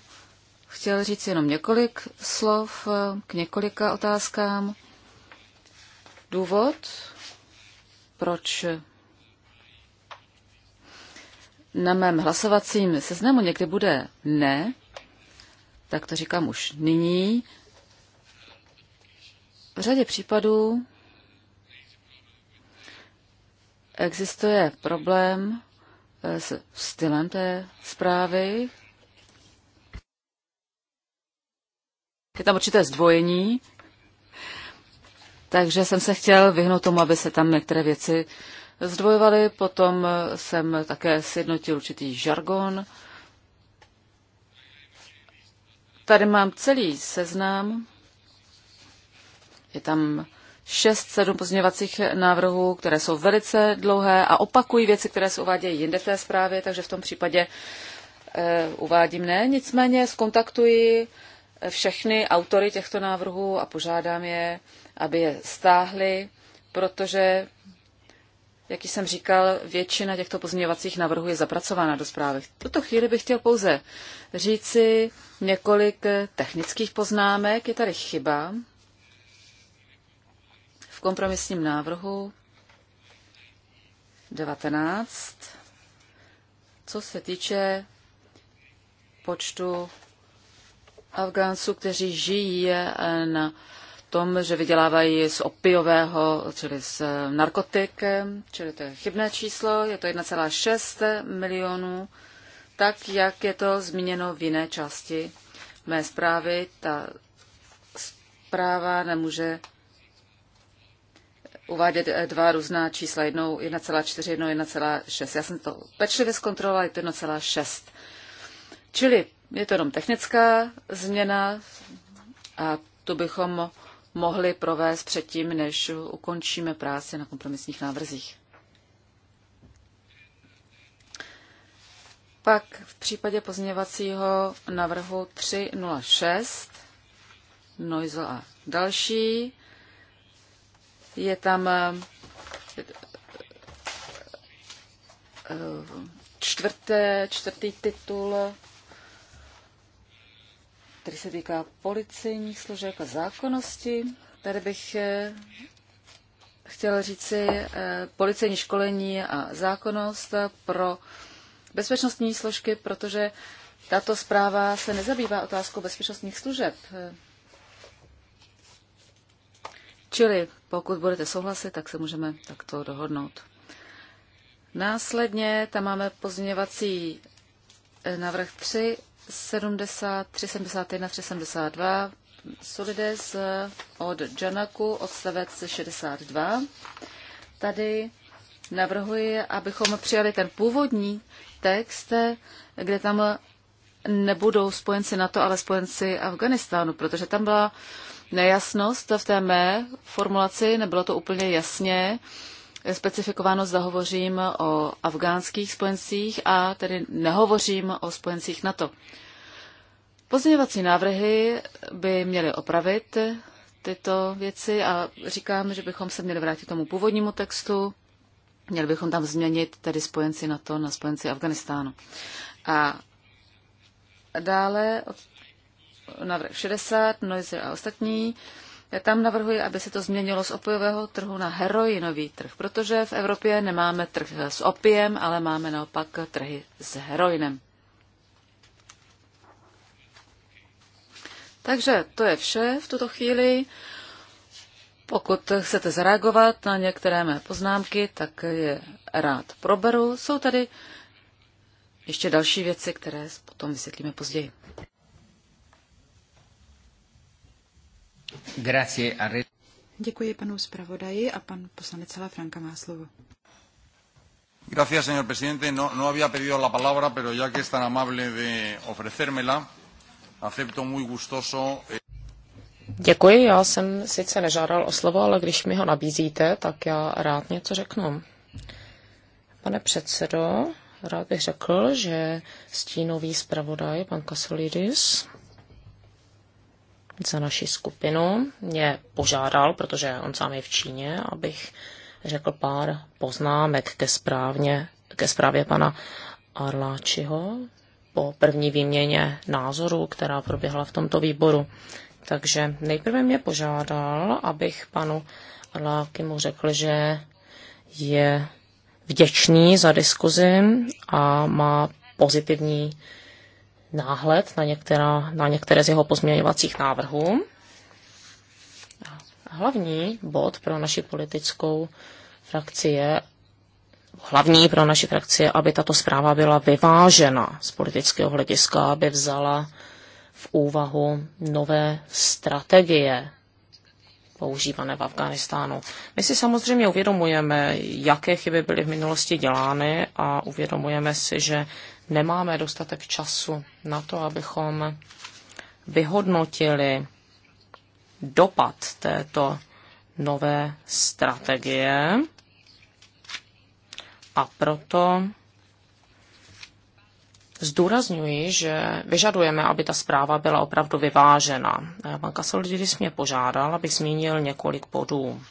chtěl říct jenom několik slov eh, k několika otázkám. Důvod, proč na mém hlasovacím seznamu někdy bude ne, tak to říkám už nyní. V řadě případů existuje problém eh, s stylem té zprávy. Je tam určité zdvojení, takže jsem se chtěl vyhnout tomu, aby se tam některé věci zdvojovaly. Potom eh, jsem také sjednotil určitý žargon. Tady mám celý seznam. Je tam šest, sedm pozměňovacích návrhů, které jsou velice dlouhé a opakují věci, které se uvádějí jinde v té zprávě, takže v tom případě e, uvádím ne. Nicméně skontaktuji eh, všechny autory těchto návrhů a požádám je, aby je stáhli, protože, jak jsem říkal, většina těchto pozměňovacích návrhů je zapracována do zprávy. V tuto chvíli bych chtěl pouze říci několik eh, technických poznámek. Je tady chyba kompromisním návrhu 19, co se týče počtu Afgánců, kteří žijí eh, na tom, že vydělávají z opiového, čili z eh, narkotikem, eh, čili to je chybné číslo, je to 1,6 milionů, tak jak je to zmíněno v jiné části mé zprávy. Ta zpráva nemůže uvádět eh, dva různá čísla, jednou 1,4, jednou 1,6. Já jsem to pečlivě zkontrolovala, je to 1,6. Čili je to jenom technická změna a to bychom mohli provést předtím, než ukončíme práci na kompromisních návrzích. Pak v případě pozměňovacího návrhu 306 Noizl a další je tam eh, eh, čtvrté, čtvrtý titul, který se týká policejních složek a zákonnosti. Tady bych eh, chtěla říci policejní školení a zákonnost pro bezpečnostní složky, protože tato zpráva se nezabývá otázkou bezpečnostních služeb. Čili pokud budete souhlasit, tak se můžeme takto dohodnout. Následně tam máme pozměňovací eh, návrh 3, 70, 371, 372, Solides od Janaku, odstavec 62. Tady navrhuji, abychom přijali ten původní text, kde tam nebudou spojenci NATO, ale spojenci Afganistánu, protože tam byla nejasnost v té mé formulaci, nebylo to úplně jasně specifikováno, zda hovořím o afgánských spojencích a tedy nehovořím o spojencích NATO. Pozměňovací návrhy by měly opravit tyto věci a říkám, že bychom se měli vrátit tomu původnímu textu, měli bychom tam změnit tedy spojenci NATO na spojenci Afganistánu. A dále navrh 60, Noiser a ostatní. Já tam navrhuji, aby se to změnilo z opojového trhu na heroinový trh, protože v Evropě nemáme trh s opiem, ale máme naopak trhy s heroinem. Takže to je vše v tuto chvíli. Pokud chcete zareagovat na některé mé poznámky, tak je rád proberu. Jsou tady ještě další věci, které potom vysvětlíme později. Děkuji panu zpravodaji a pan poslanec Sala Franka má slovo. Gracias, señor presidente. No, no había pedido la palabra, pero ya que es tan amable de ofrecérmela, acepto muy gustoso. Eh, Děkuji, já jsem sice nežádal o slovo, ale když mi ho nabízíte, tak já rád něco řeknu. Pane předsedo, rád bych řekl, že stínový zpravodaj, pan Kasolidis, za naši skupinu mě požádal, protože on sám je v Číně, abych řekl pár poznámek ke, správně, ke správě pana Arláčiho po první výměně názorů, která proběhla v tomto výboru. Takže nejprve mě požádal, abych panu Arláky mu řekl, že je vděčný za diskuzi a má pozitivní náhled na, některá, na některé z jeho pozměňovacích návrhů. Hlavní bod pro naši politickou frakci je, hlavní pro naši frakci je, aby tato zpráva byla vyvážena z politického hlediska, aby vzala v úvahu nové strategie používané v Afganistánu. My si samozřejmě uvědomujeme, jaké chyby byly v minulosti dělány a uvědomujeme si, že nemáme dostatek času na to, abychom vyhodnotili dopad této nové strategie a proto zdůrazňuji, že vyžadujeme, aby ta zpráva byla opravdu vyvážena. Banka Solidis mě požádal, abych zmínil několik bodů.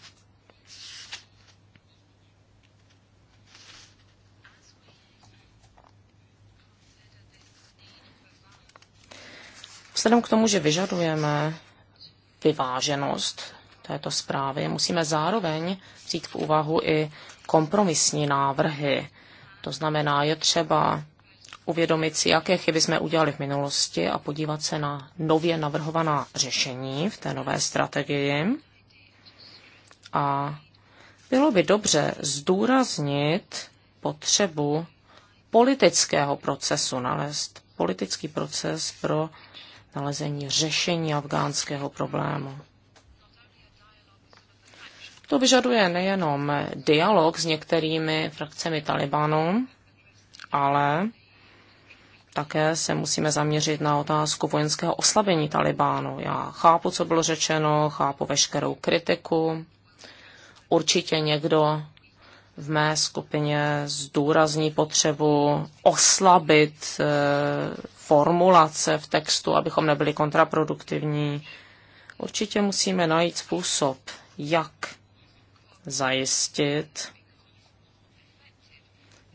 Vzhledem k tomu, že vyžadujeme vyváženost této zprávy, musíme zároveň vzít v úvahu i kompromisní návrhy. To znamená, je třeba uvědomit si, jaké chyby jsme udělali v minulosti a podívat se na nově navrhovaná řešení v té nové strategii. A bylo by dobře zdůraznit potřebu politického procesu, nalézt politický proces pro nalezení řešení afgánského problému. To vyžaduje nejenom dialog s některými frakcemi Talibanu, ale také se musíme zaměřit na otázku vojenského oslabení Talibánu. Já chápu, co bylo řečeno, chápu veškerou kritiku. Určitě někdo v mé skupině zdůrazní potřebu oslabit eh, formulace v textu, abychom nebyli kontraproduktivní. Určitě musíme najít způsob, jak zajistit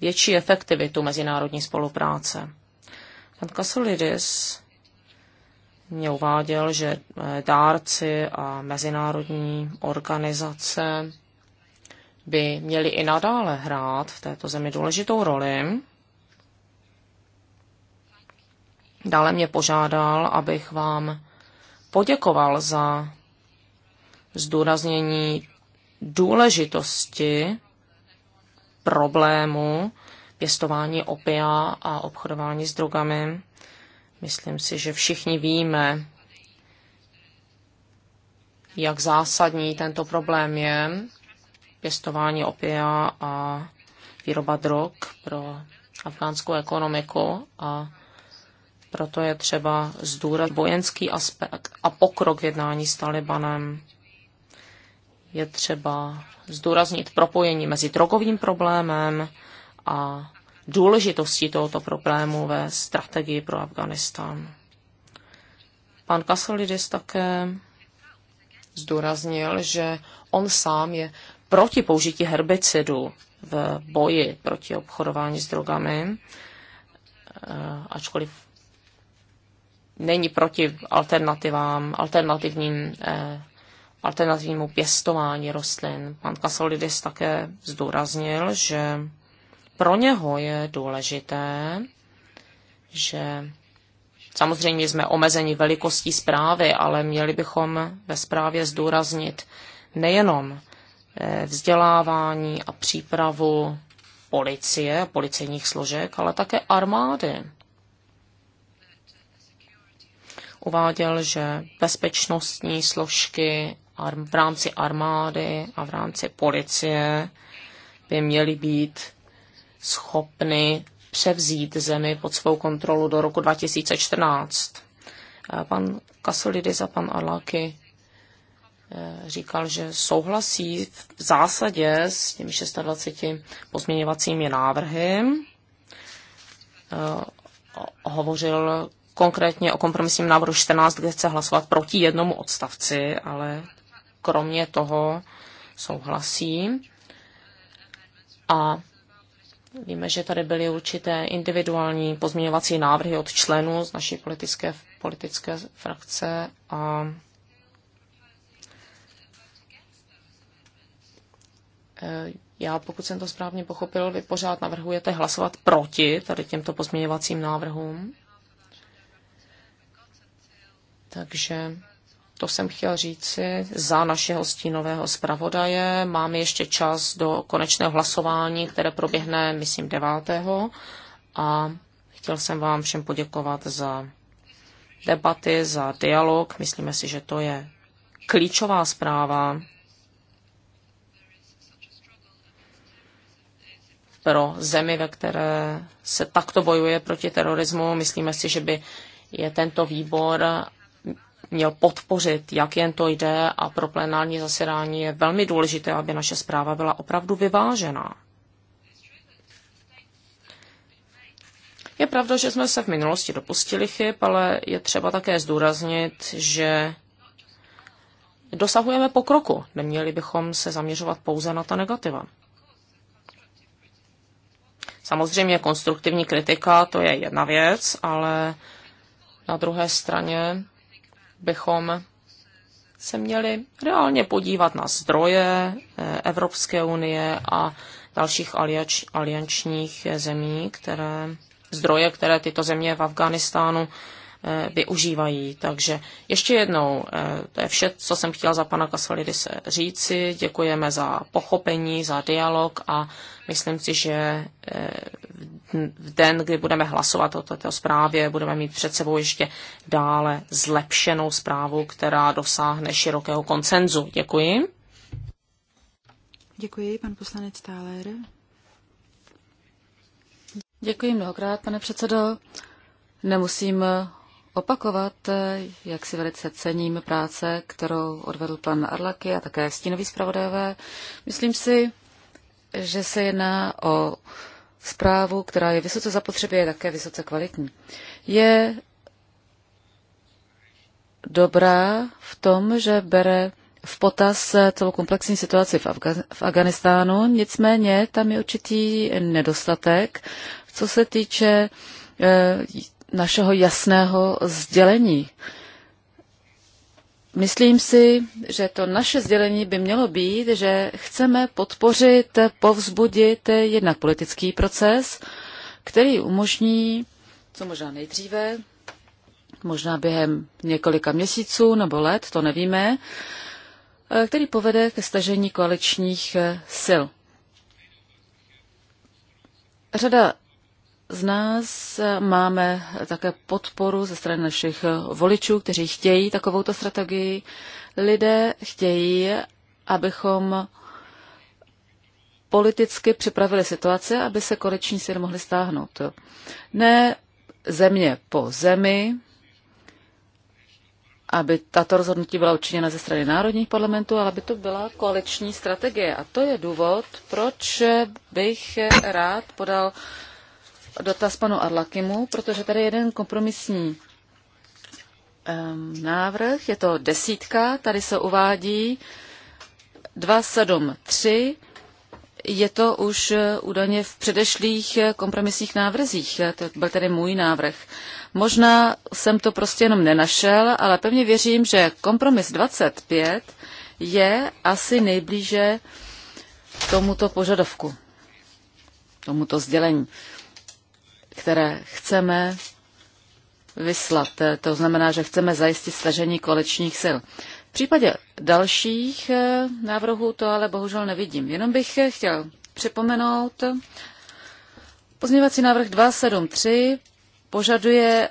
větší efektivitu mezinárodní spolupráce. Pan Kasolidis mě uváděl, že eh, dárci a mezinárodní organizace by měli i nadále hrát v této zemi důležitou roli Dále mě požádal, abych vám poděkoval za zdůraznění důležitosti problému pěstování opia a obchodování s drogami. Myslím si, že všichni víme, jak zásadní tento problém je pěstování opia a výroba drog pro afgánskou ekonomiku a proto je třeba zdůrat vojenský aspekt a pokrok v jednání s Talibanem. Je třeba zdůraznit propojení mezi drogovým problémem a důležitostí tohoto problému ve strategii pro Afganistán. Pan Kasolidis také zdůraznil, že on sám je proti použití herbicidu v boji proti obchodování s drogami, eh, ačkoliv není proti alternativám, alternativním, eh, alternativnímu pěstování rostlin. Pan Kasolidis také zdůraznil, že pro něho je důležité, že samozřejmě jsme omezeni velikostí zprávy, ale měli bychom ve zprávě zdůraznit nejenom eh, vzdělávání a přípravu policie, policejních složek, ale také armády. uváděl, že bezpečnostní složky v rámci armády a v rámci policie by měly být schopny převzít zemi pod svou kontrolu do roku 2014. Eh, pan Kasolidis a pan Arlaki eh, říkal, že souhlasí v zásadě s těmi 26 pozměňovacími návrhy. Eh, hovořil konkrétně o kompromisním návrhu 14, kde chce hlasovat proti jednomu odstavci, ale kromě toho souhlasí. A víme, že tady byly určité individuální pozměňovací návrhy od členů z naší politické, politické frakce a eh, Já, pokud jsem to správně pochopil, vy pořád navrhujete hlasovat proti tady těmto pozměňovacím návrhům. Takže to jsem chtěl říci za našeho stínového zpravodaje. Máme ještě čas do konečného hlasování, které proběhne, myslím, 9. A chtěl jsem vám všem poděkovat za debaty, za dialog. Myslíme si, že to je klíčová zpráva pro zemi, ve které se takto bojuje proti terorismu. Myslíme si, že by je tento výbor měl podpořit, jak jen to jde a pro plenární zasedání je velmi důležité, aby naše zpráva byla opravdu vyvážená. Je pravda, že jsme se v minulosti dopustili chyb, ale je třeba také zdůraznit, že dosahujeme pokroku. Neměli bychom se zaměřovat pouze na ta negativa. Samozřejmě konstruktivní kritika, to je jedna věc, ale na druhé straně bychom se měli reálně podívat na zdroje eh, Evropské unie a dalších alianč, aliančních zemí, které, zdroje, které tyto země v Afghánistánu Eh, využívají. Takže ještě jednou, eh, to je vše, co jsem chtěla za pana Kasalidise říci. Děkujeme za pochopení, za dialog a myslím si, že eh, v den, kdy budeme hlasovat o této zprávě, budeme mít před sebou ještě dále zlepšenou zprávu, která dosáhne širokého koncenzu. Děkuji. Děkuji, pan poslanec Táler. Děkuji mnohokrát, pane předsedo. Nemusím opakovat, eh, jak si velice cením práce, kterou odvedl pan Arlaky a také stínový zpravodajové. Myslím si, že se jedná o zprávu, která je vysoce zapotřebí a také vysoce kvalitní. Je dobrá v tom, že bere v potaz celou komplexní situaci v, Afga- v Afganistánu, nicméně tam je určitý nedostatek, co se týče eh, našeho jasného sdělení. Myslím si, že to naše sdělení by mělo být, že chceme podpořit, povzbudit jednak politický proces, který umožní, co možná nejdříve, možná během několika měsíců nebo let, to nevíme, který povede ke stažení koaličních sil. Řada z nás máme také podporu ze strany našich voličů, kteří chtějí takovouto strategii. Lidé chtějí, abychom politicky připravili situaci, aby se koleční síly mohly stáhnout. Ne země po zemi, aby tato rozhodnutí byla učiněna ze strany národních parlamentů, ale aby to byla koaliční strategie. A to je důvod, proč bych rád podal dotaz panu Arlakimu, protože tady je jeden kompromisní um, návrh, je to desítka, tady se uvádí 273, je to už eh, údajně v předešlých eh, kompromisních návrzích. Eh, to byl tedy můj návrh. Možná jsem to prostě jenom nenašel, ale pevně věřím, že kompromis 25 je asi nejblíže tomuto požadavku, tomuto sdělení které chceme vyslat. To znamená, že chceme zajistit stažení kolečních sil. V případě dalších eh, návrhů to ale bohužel nevidím. Jenom bych eh, chtěl připomenout, pozměňovací návrh 273 požaduje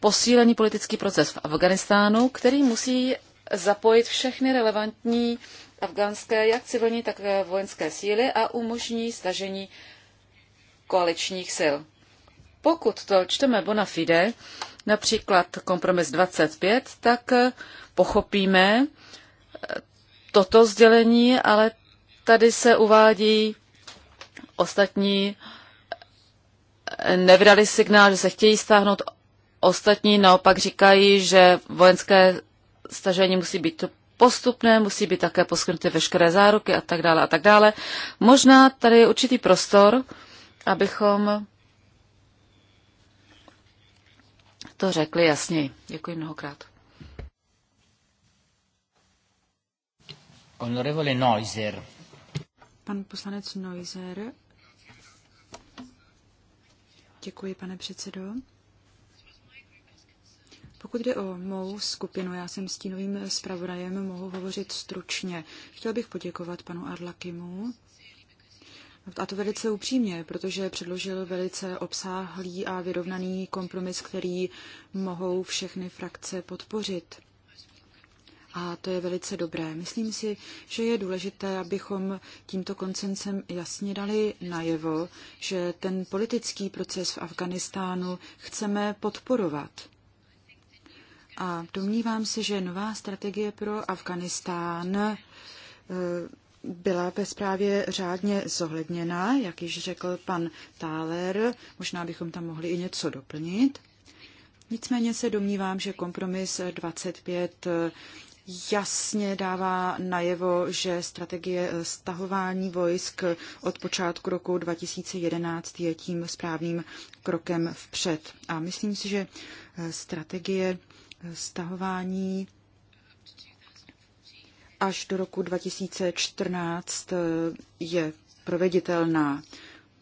posílený politický proces v Afganistánu, který musí zapojit všechny relevantní afgánské, jak civilní, tak eh, vojenské síly a umožní stažení koaličních sil pokud to čteme bona fide, například kompromis 25, tak eh, pochopíme eh, toto sdělení, ale tady se uvádí ostatní eh, nevydali signál, že se chtějí stáhnout. Ostatní naopak říkají, že vojenské stažení musí být postupné, musí být také poskytnuty veškeré záruky a tak dále a tak dále. Možná tady je určitý prostor, abychom to řekli jasněji. Děkuji mnohokrát. Honorevole Neuser. Pan poslanec Neuser. Děkuji, pane předsedo. Pokud jde o mou skupinu, já jsem stínovým zpravodajem, mohu hovořit stručně. Chtěl bych poděkovat panu Arlakimu a to velice upřímně, protože předložil velice obsáhlý a vyrovnaný kompromis, který mohou všechny frakce podpořit. A to je velice dobré. Myslím si, že je důležité, abychom tímto koncencem jasně dali najevo, že ten politický proces v Afganistánu chceme podporovat. A domnívám se, že nová strategie pro Afganistán eh, byla ve zprávě řádně zohledněna, jak již řekl pan Táler, možná bychom tam mohli i něco doplnit. Nicméně se domnívám, že kompromis 25 eh, jasně dává najevo, že strategie eh, stahování vojsk od počátku roku 2011 je tím správným krokem vpřed. A myslím si, že eh, strategie stahování až do roku 2014 eh, je proveditelná.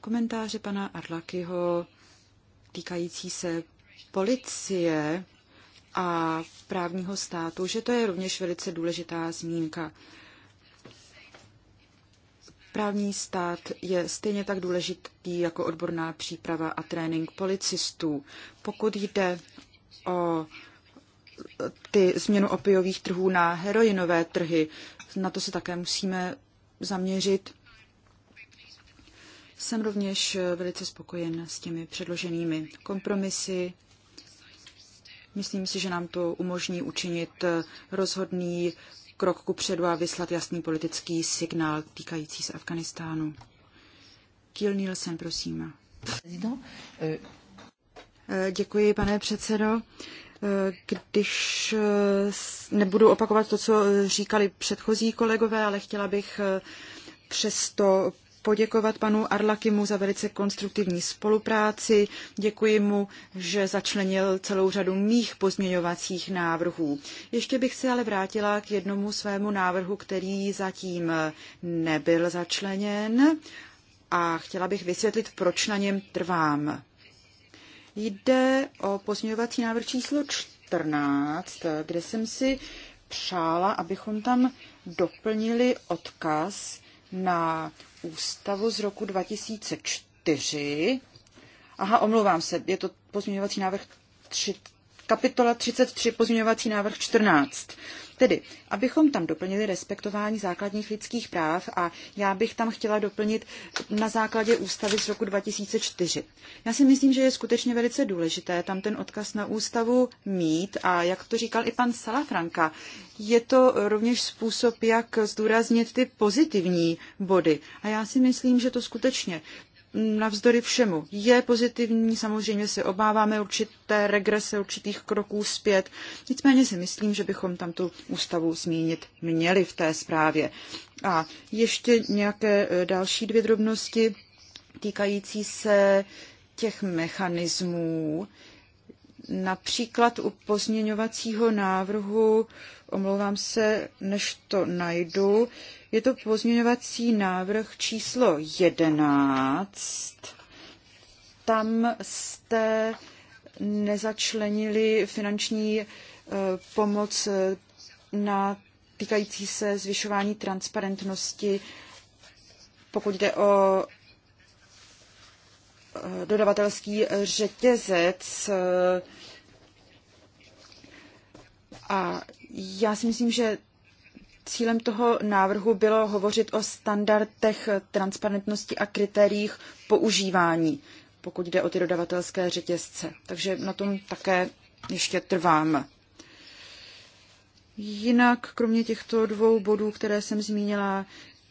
Komentáře pana Arlakyho týkající se policie a právního státu, že to je rovněž velice důležitá zmínka. Právní stát je stejně tak důležitý jako odborná příprava a trénink policistů. Pokud jde o ty změnu opiových trhů na heroinové trhy. Na to se také musíme zaměřit. Jsem rovněž velice spokojen s těmi předloženými kompromisy. Myslím si, že nám to umožní učinit rozhodný krok ku předu a vyslat jasný politický signál týkající se Afganistánu. Kiel Nielsen, prosím. Euh, Děkuji, pane předsedo když eh, nebudu opakovat to, co říkali předchozí kolegové, ale chtěla bych eh, přesto poděkovat panu Arlakimu za velice konstruktivní spolupráci. Děkuji mu, že začlenil celou řadu mých pozměňovacích návrhů. Ještě bych se ale vrátila k jednomu svému návrhu, který zatím nebyl začleněn a chtěla bych vysvětlit, proč na něm trvám. Jde o pozměňovací návrh číslo 14, kde jsem si přála, abychom tam doplnili odkaz na ústavu z roku 2004. Aha, omlouvám se, je to pozměňovací návrh 3, kapitola 33, pozměňovací návrh 14. Tedy, abychom tam doplnili respektování základních lidských práv a já bych tam chtěla doplnit na základě ústavy z roku 2004. Já si myslím, že je skutečně velice důležité tam ten odkaz na ústavu mít a jak to říkal i pan Salafranka, je to rovněž způsob, jak zdůraznit ty pozitivní body. A já si myslím, že to skutečně navzdory všemu je pozitivní. Samozřejmě se obáváme určité regrese, určitých kroků zpět. Nicméně si myslím, že bychom tam tu ústavu zmínit měli v té zprávě. A ještě nějaké e, další dvě drobnosti týkající se těch mechanismů, například u pozměňovacího návrhu, omlouvám se, než to najdu, je to pozměňovací návrh číslo 11. Tam jste nezačlenili finanční eh, pomoc eh, na týkající se zvyšování transparentnosti, pokud jde o eh, dodavatelský řetězec. A já si myslím, že Cílem toho návrhu bylo hovořit o standardech transparentnosti a kritériích používání, pokud jde o ty dodavatelské řetězce. Takže na tom také ještě trvám. Jinak, kromě těchto dvou bodů, které jsem zmínila,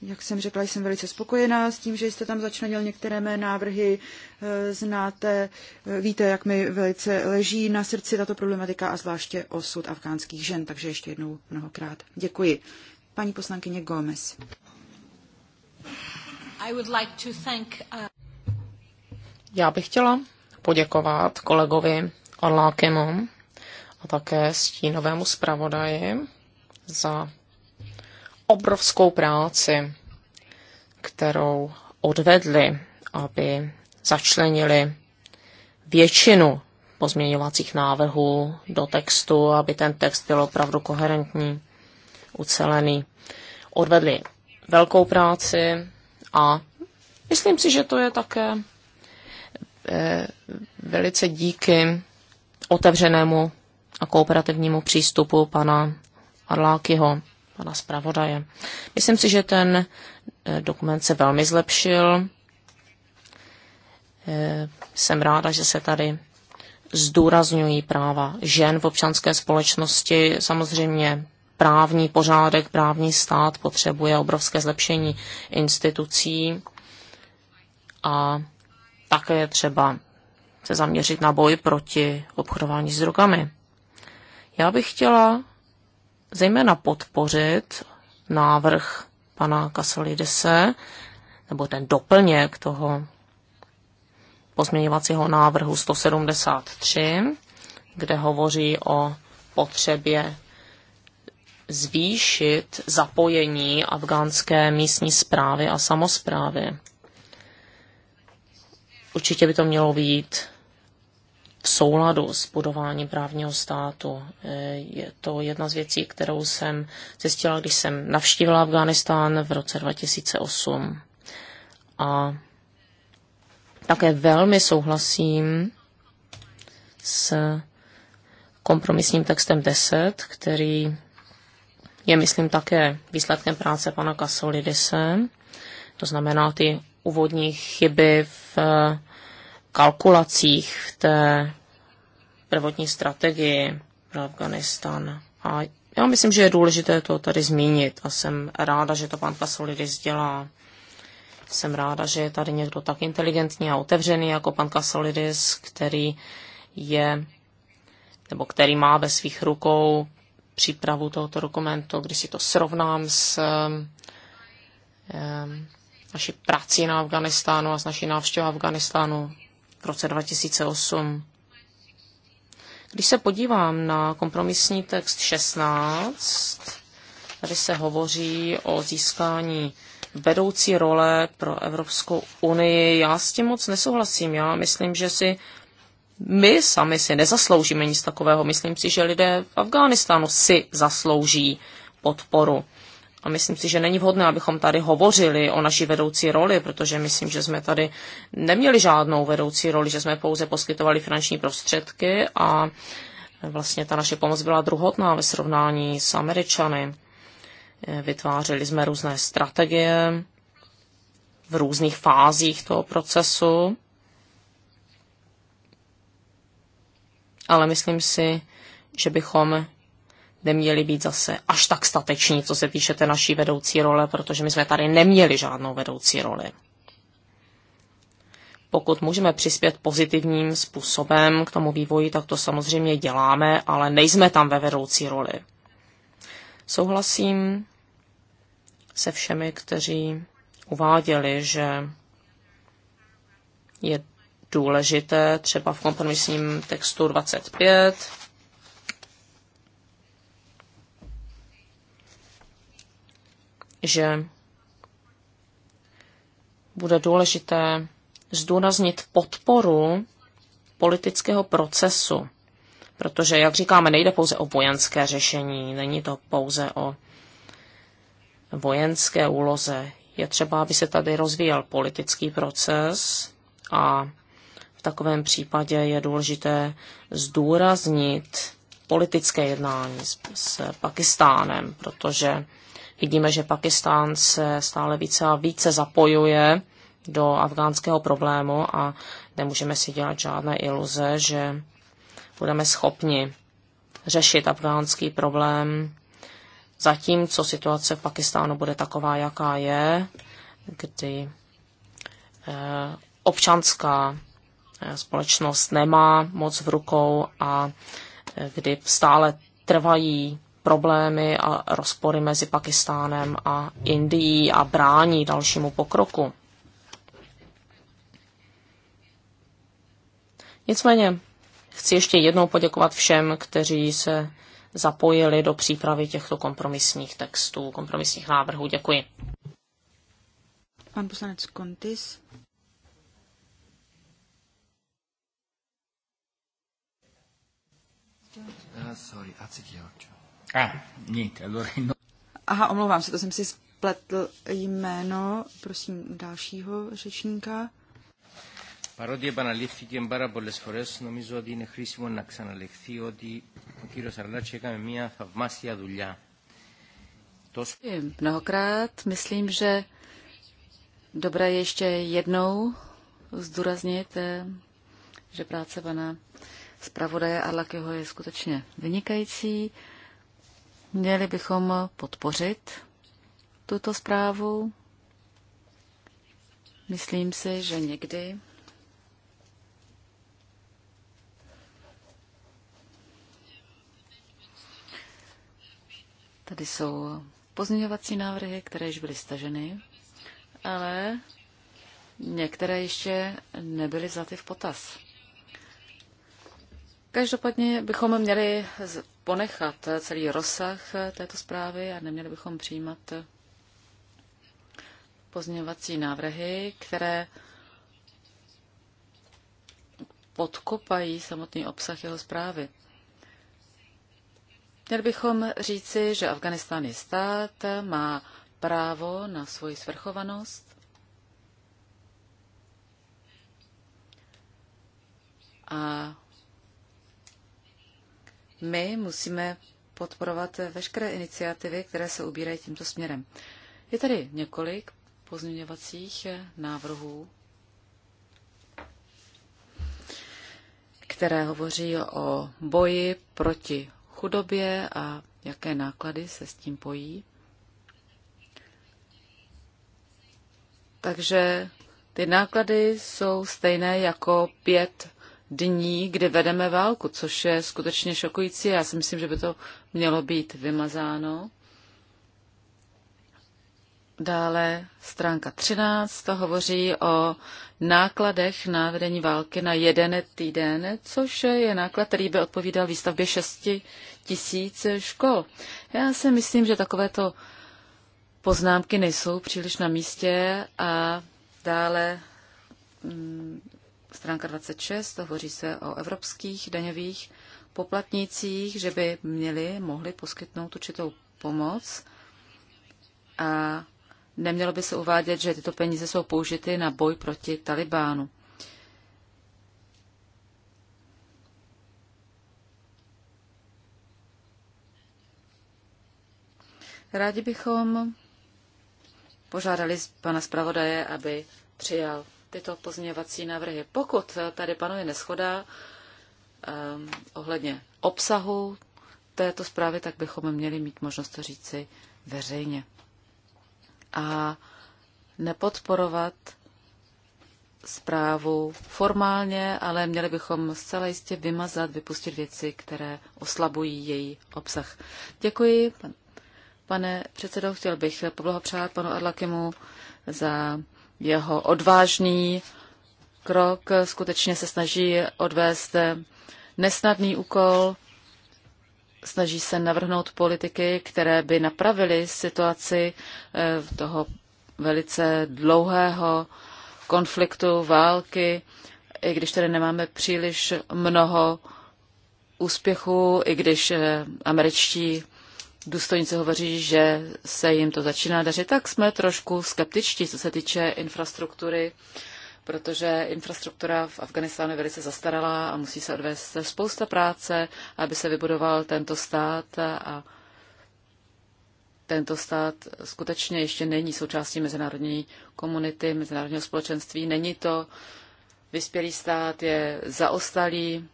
jak jsem řekla, jsem velice spokojená s tím, že jste tam začlenil některé mé návrhy. E, znáte, e, víte, jak mi velice leží na srdci tato problematika a zvláště osud afgánských žen. Takže ještě jednou mnohokrát děkuji. Paní poslankyně Gomez. Uh, Já bych chtěla poděkovat kolegovi Orlákemu a také stínovému zpravodaji za obrovskou práci, kterou odvedli, aby začlenili většinu pozměňovacích návrhů do textu, aby ten text byl opravdu koherentní, ucelený. Odvedli velkou práci a myslím si, že to je také eh, velice díky otevřenému a kooperativnímu přístupu pana Arlákyho pana zpravodaje. Myslím si, že ten eh, dokument se velmi zlepšil. Eh, jsem ráda, že se tady zdůrazňují práva žen v občanské společnosti. Samozřejmě právní pořádek, právní stát potřebuje obrovské zlepšení institucí a také je třeba se zaměřit na boj proti obchodování s drogami. Já bych chtěla zejména podpořit návrh pana Kasolidise, nebo ten doplněk toho pozměňovacího návrhu 173, kde hovoří o potřebě zvýšit zapojení afgánské místní zprávy a samozprávy. Určitě by to mělo být souladu s budováním právního státu. E, je to jedna z věcí, kterou jsem zjistila, když jsem navštívila Afganistán v roce 2008. A také velmi souhlasím s kompromisním textem 10, který je, myslím, také výsledkem práce pana Kasolidise. To znamená ty úvodní chyby v e, kalkulacích v té prvotní strategii pro Afganistan. A já myslím, že je důležité to tady zmínit a jsem ráda, že to pan Kasolidis dělá. Jsem ráda, že je tady někdo tak inteligentní a otevřený jako pan Kasolidis, který je, nebo který má ve svých rukou přípravu tohoto dokumentu, když si to srovnám s naší prací na Afganistánu a s naší návštěvou Afganistánu v roce 2008. Když se podívám na kompromisní text 16, tady se hovoří o získání vedoucí role pro Evropskou unii. Já s tím moc nesouhlasím. Já myslím, že si my sami si nezasloužíme nic takového. Myslím si, že lidé v Afghánistánu si zaslouží podporu. A myslím si, že není vhodné, abychom tady hovořili o naší vedoucí roli, protože myslím, že jsme tady neměli žádnou vedoucí roli, že jsme pouze poskytovali finanční prostředky a vlastně ta naše pomoc byla druhotná ve srovnání s Američany. Vytvářeli jsme různé strategie v různých fázích toho procesu. Ale myslím si, že bychom neměli být zase až tak stateční, co se týče té naší vedoucí role, protože my jsme tady neměli žádnou vedoucí roli. Pokud můžeme přispět pozitivním způsobem k tomu vývoji, tak to samozřejmě děláme, ale nejsme tam ve vedoucí roli. Souhlasím se všemi, kteří uváděli, že je důležité třeba v kompromisním textu 25 že bude důležité zdůraznit podporu politického procesu, protože, jak říkáme, nejde pouze o vojenské řešení, není to pouze o vojenské úloze. Je třeba, aby se tady rozvíjel politický proces a v takovém případě je důležité zdůraznit politické jednání s, s Pakistánem, protože Vidíme, že Pakistán se stále více a více zapojuje do afgánského problému a nemůžeme si dělat žádné iluze, že budeme schopni řešit afgánský problém, zatímco situace v Pakistánu bude taková, jaká je, kdy eh, občanská eh, společnost nemá moc v rukou a eh, kdy stále trvají problémy a rozpory mezi Pakistánem a Indií a brání dalšímu pokroku. Nicméně chci ještě jednou poděkovat všem, kteří se zapojili do přípravy těchto kompromisních textů, kompromisních návrhů. Děkuji. Pan poslanec Kontis. Uh, sorry, Atsikiočo. Ah, niente, Aha, omlouvám se, to jsem si spletl jméno, prosím, dalšího řečníka. Παρότι επαναλήφθηκε πάρα πολλέ φορέ, νομίζω ότι είναι χρήσιμο να ξαναλεχθεί ότι ο κύριο Αρλάτσι έκανε μια θαυμάσια δουλειά. Τόσο... Mnohokrát myslím, že dobré ještě jednou zdůraznit, eh, že práce pana zpravodaje Arlakeho je skutečně vynikající. Měli bychom podpořit tuto zprávu. Myslím si, že někdy Tady jsou pozměňovací návrhy, které již byly staženy, ale některé ještě nebyly vzaty v potaz. Každopádně bychom měli ponechat celý rozsah této zprávy a neměli bychom přijímat pozměňovací návrhy, které podkopají samotný obsah jeho zprávy. Měli bychom říci, že Afganistán je stát, má právo na svoji svrchovanost a my musíme podporovat veškeré iniciativy, které se ubírají tímto směrem. Je tady několik pozměňovacích návrhů, které hovoří o boji proti chudobě a jaké náklady se s tím pojí. Takže ty náklady jsou stejné jako pět dní, kdy vedeme válku, což je skutečně šokující. Já si myslím, že by to mělo být vymazáno. Dále stránka 13 to hovoří o nákladech na vedení války na jeden týden, což je náklad, který by odpovídal výstavbě 6 tisíc škol. Já si myslím, že takovéto poznámky nejsou příliš na místě a dále mm, stránka 26, hovoří se o evropských daňových poplatnících, že by měli, mohli poskytnout určitou pomoc a nemělo by se uvádět, že tyto peníze jsou použity na boj proti Talibánu. Rádi bychom požádali pana zpravodaje, aby přijal tyto pozměňovací návrhy. Pokud tady panuje neschoda um, ohledně obsahu této zprávy, tak bychom měli mít možnost to říci veřejně. A nepodporovat zprávu formálně, ale měli bychom zcela jistě vymazat, vypustit věci, které oslabují její obsah. Děkuji, pane předsedo. Chtěl bych poblahopřát panu Arlakimu za jeho odvážný krok. Skutečně se snaží odvést nesnadný úkol, snaží se navrhnout politiky, které by napravily situaci eh, toho velice dlouhého konfliktu, války, i když tady nemáme příliš mnoho úspěchů, i když eh, američtí důstojnice hovoří, že se jim to začíná dařit, tak jsme trošku skeptičtí, co se týče infrastruktury, protože infrastruktura v Afganistánu je velice zastaralá a musí se odvést spousta práce, aby se vybudoval tento stát a tento stát skutečně ještě není součástí mezinárodní komunity, mezinárodního společenství. Není to vyspělý stát, je zaostalý,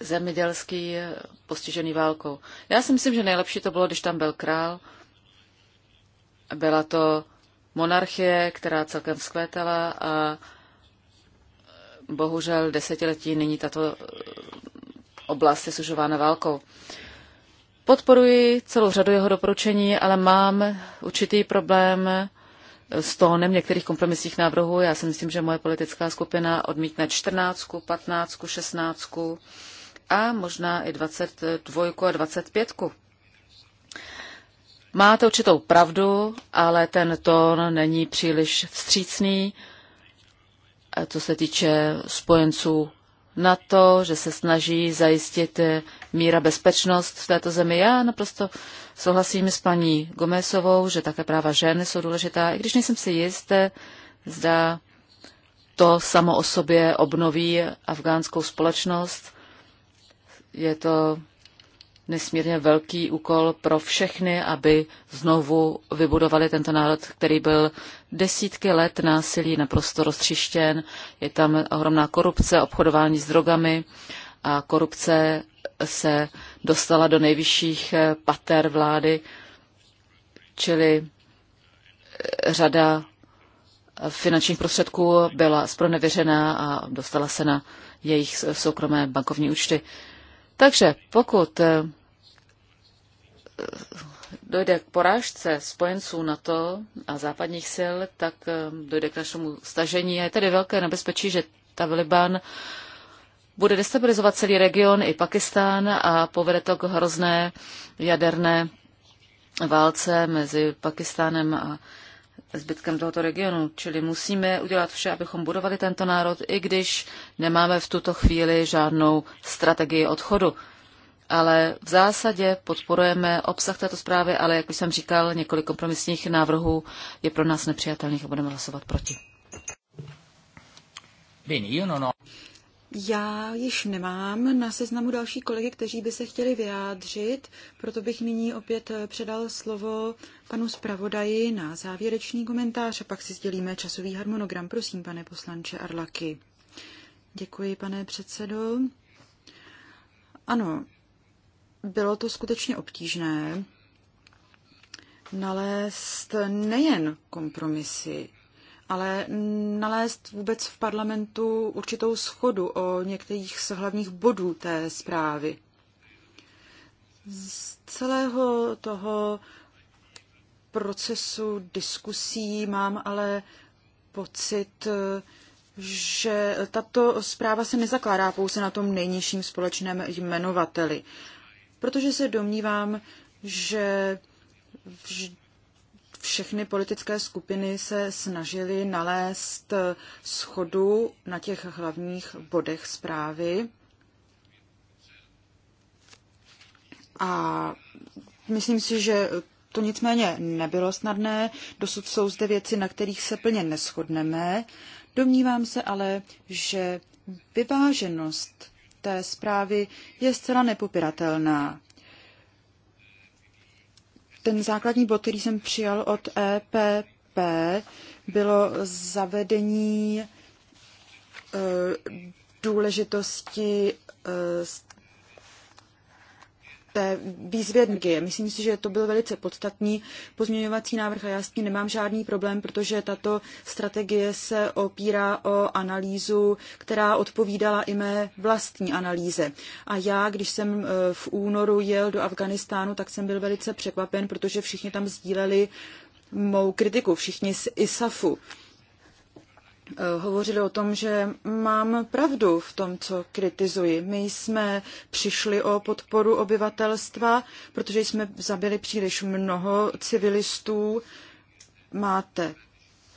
zemědělský eh, postižený válkou. Já si myslím, že nejlepší to bylo, když tam byl král. Byla to monarchie, která celkem vzkvétala a bohužel desetiletí nyní tato eh, oblast je sužována válkou. Podporuji celou řadu jeho doporučení, ale mám určitý problém eh, s tónem některých kompromisních návrhů. Já si myslím, že moje politická skupina odmítne 14, 15, 16, a možná i 22 a 25. Máte určitou pravdu, ale ten tón není příliš vstřícný, co se týče spojenců na to, že se snaží zajistit míra bezpečnost v této zemi. Já naprosto souhlasím s paní Gomesovou, že také práva žen jsou důležitá, i když nejsem si jist, zda to samo o sobě obnoví afgánskou společnost je to nesmírně velký úkol pro všechny, aby znovu vybudovali tento národ, který byl desítky let násilí naprosto roztřištěn. Je tam ohromná korupce, obchodování s drogami a korupce se dostala do nejvyšších eh, pater vlády, čili eh, řada eh, finančních prostředků byla spronevěřená a dostala se na jejich soukromé bankovní účty. Takže pokud eh, dojde k porážce spojenců NATO a západních sil, tak eh, dojde k našemu stažení a je tady velké nebezpečí, že Taliban bude destabilizovat celý region i Pakistán a povede to k hrozné jaderné válce mezi Pakistánem a zbytkem tohoto regionu. Čili musíme udělat vše, abychom budovali tento národ, i když nemáme v tuto chvíli žádnou strategii odchodu. Ale v zásadě podporujeme obsah této zprávy, ale jak už jsem říkal, několik kompromisních návrhů je pro nás nepřijatelných a budeme hlasovat proti. Já již nemám na seznamu další kolegy, kteří by se chtěli vyjádřit, proto bych nyní opět eh, předal slovo panu zpravodaji na závěrečný komentář a pak si sdělíme časový harmonogram. Prosím, pane poslanče Arlaky. Děkuji, pane předsedo. Ano, bylo to skutečně obtížné nalézt nejen kompromisy, ale nalézt vůbec v parlamentu určitou schodu o některých z hlavních bodů té zprávy. Z celého toho procesu diskusí mám ale pocit, že tato zpráva se nezakládá pouze na tom nejnižším společném jmenovateli, protože se domnívám, že vždy všechny politické skupiny se snažily nalézt schodu na těch hlavních bodech zprávy. A myslím si, že to nicméně nebylo snadné. Dosud jsou zde věci, na kterých se plně neschodneme. Domnívám se ale, že vyváženost té zprávy je zcela nepopiratelná ten základní bod, který jsem přijal od EPP, bylo zavedení e, důležitosti e, té výzvě energie. Myslím si, že to byl velice podstatný pozměňovací návrh a já s tím nemám žádný problém, protože tato strategie se opírá o analýzu, která odpovídala i mé vlastní analýze. A já, když jsem e, v únoru jel do Afganistánu, tak jsem byl velice překvapen, protože všichni tam sdíleli mou kritiku, všichni z ISAFu. Eh, hovořili o tom, že mám pravdu v tom, co kritizuji. My jsme přišli o podporu obyvatelstva, protože jsme zabili příliš mnoho civilistů. Máte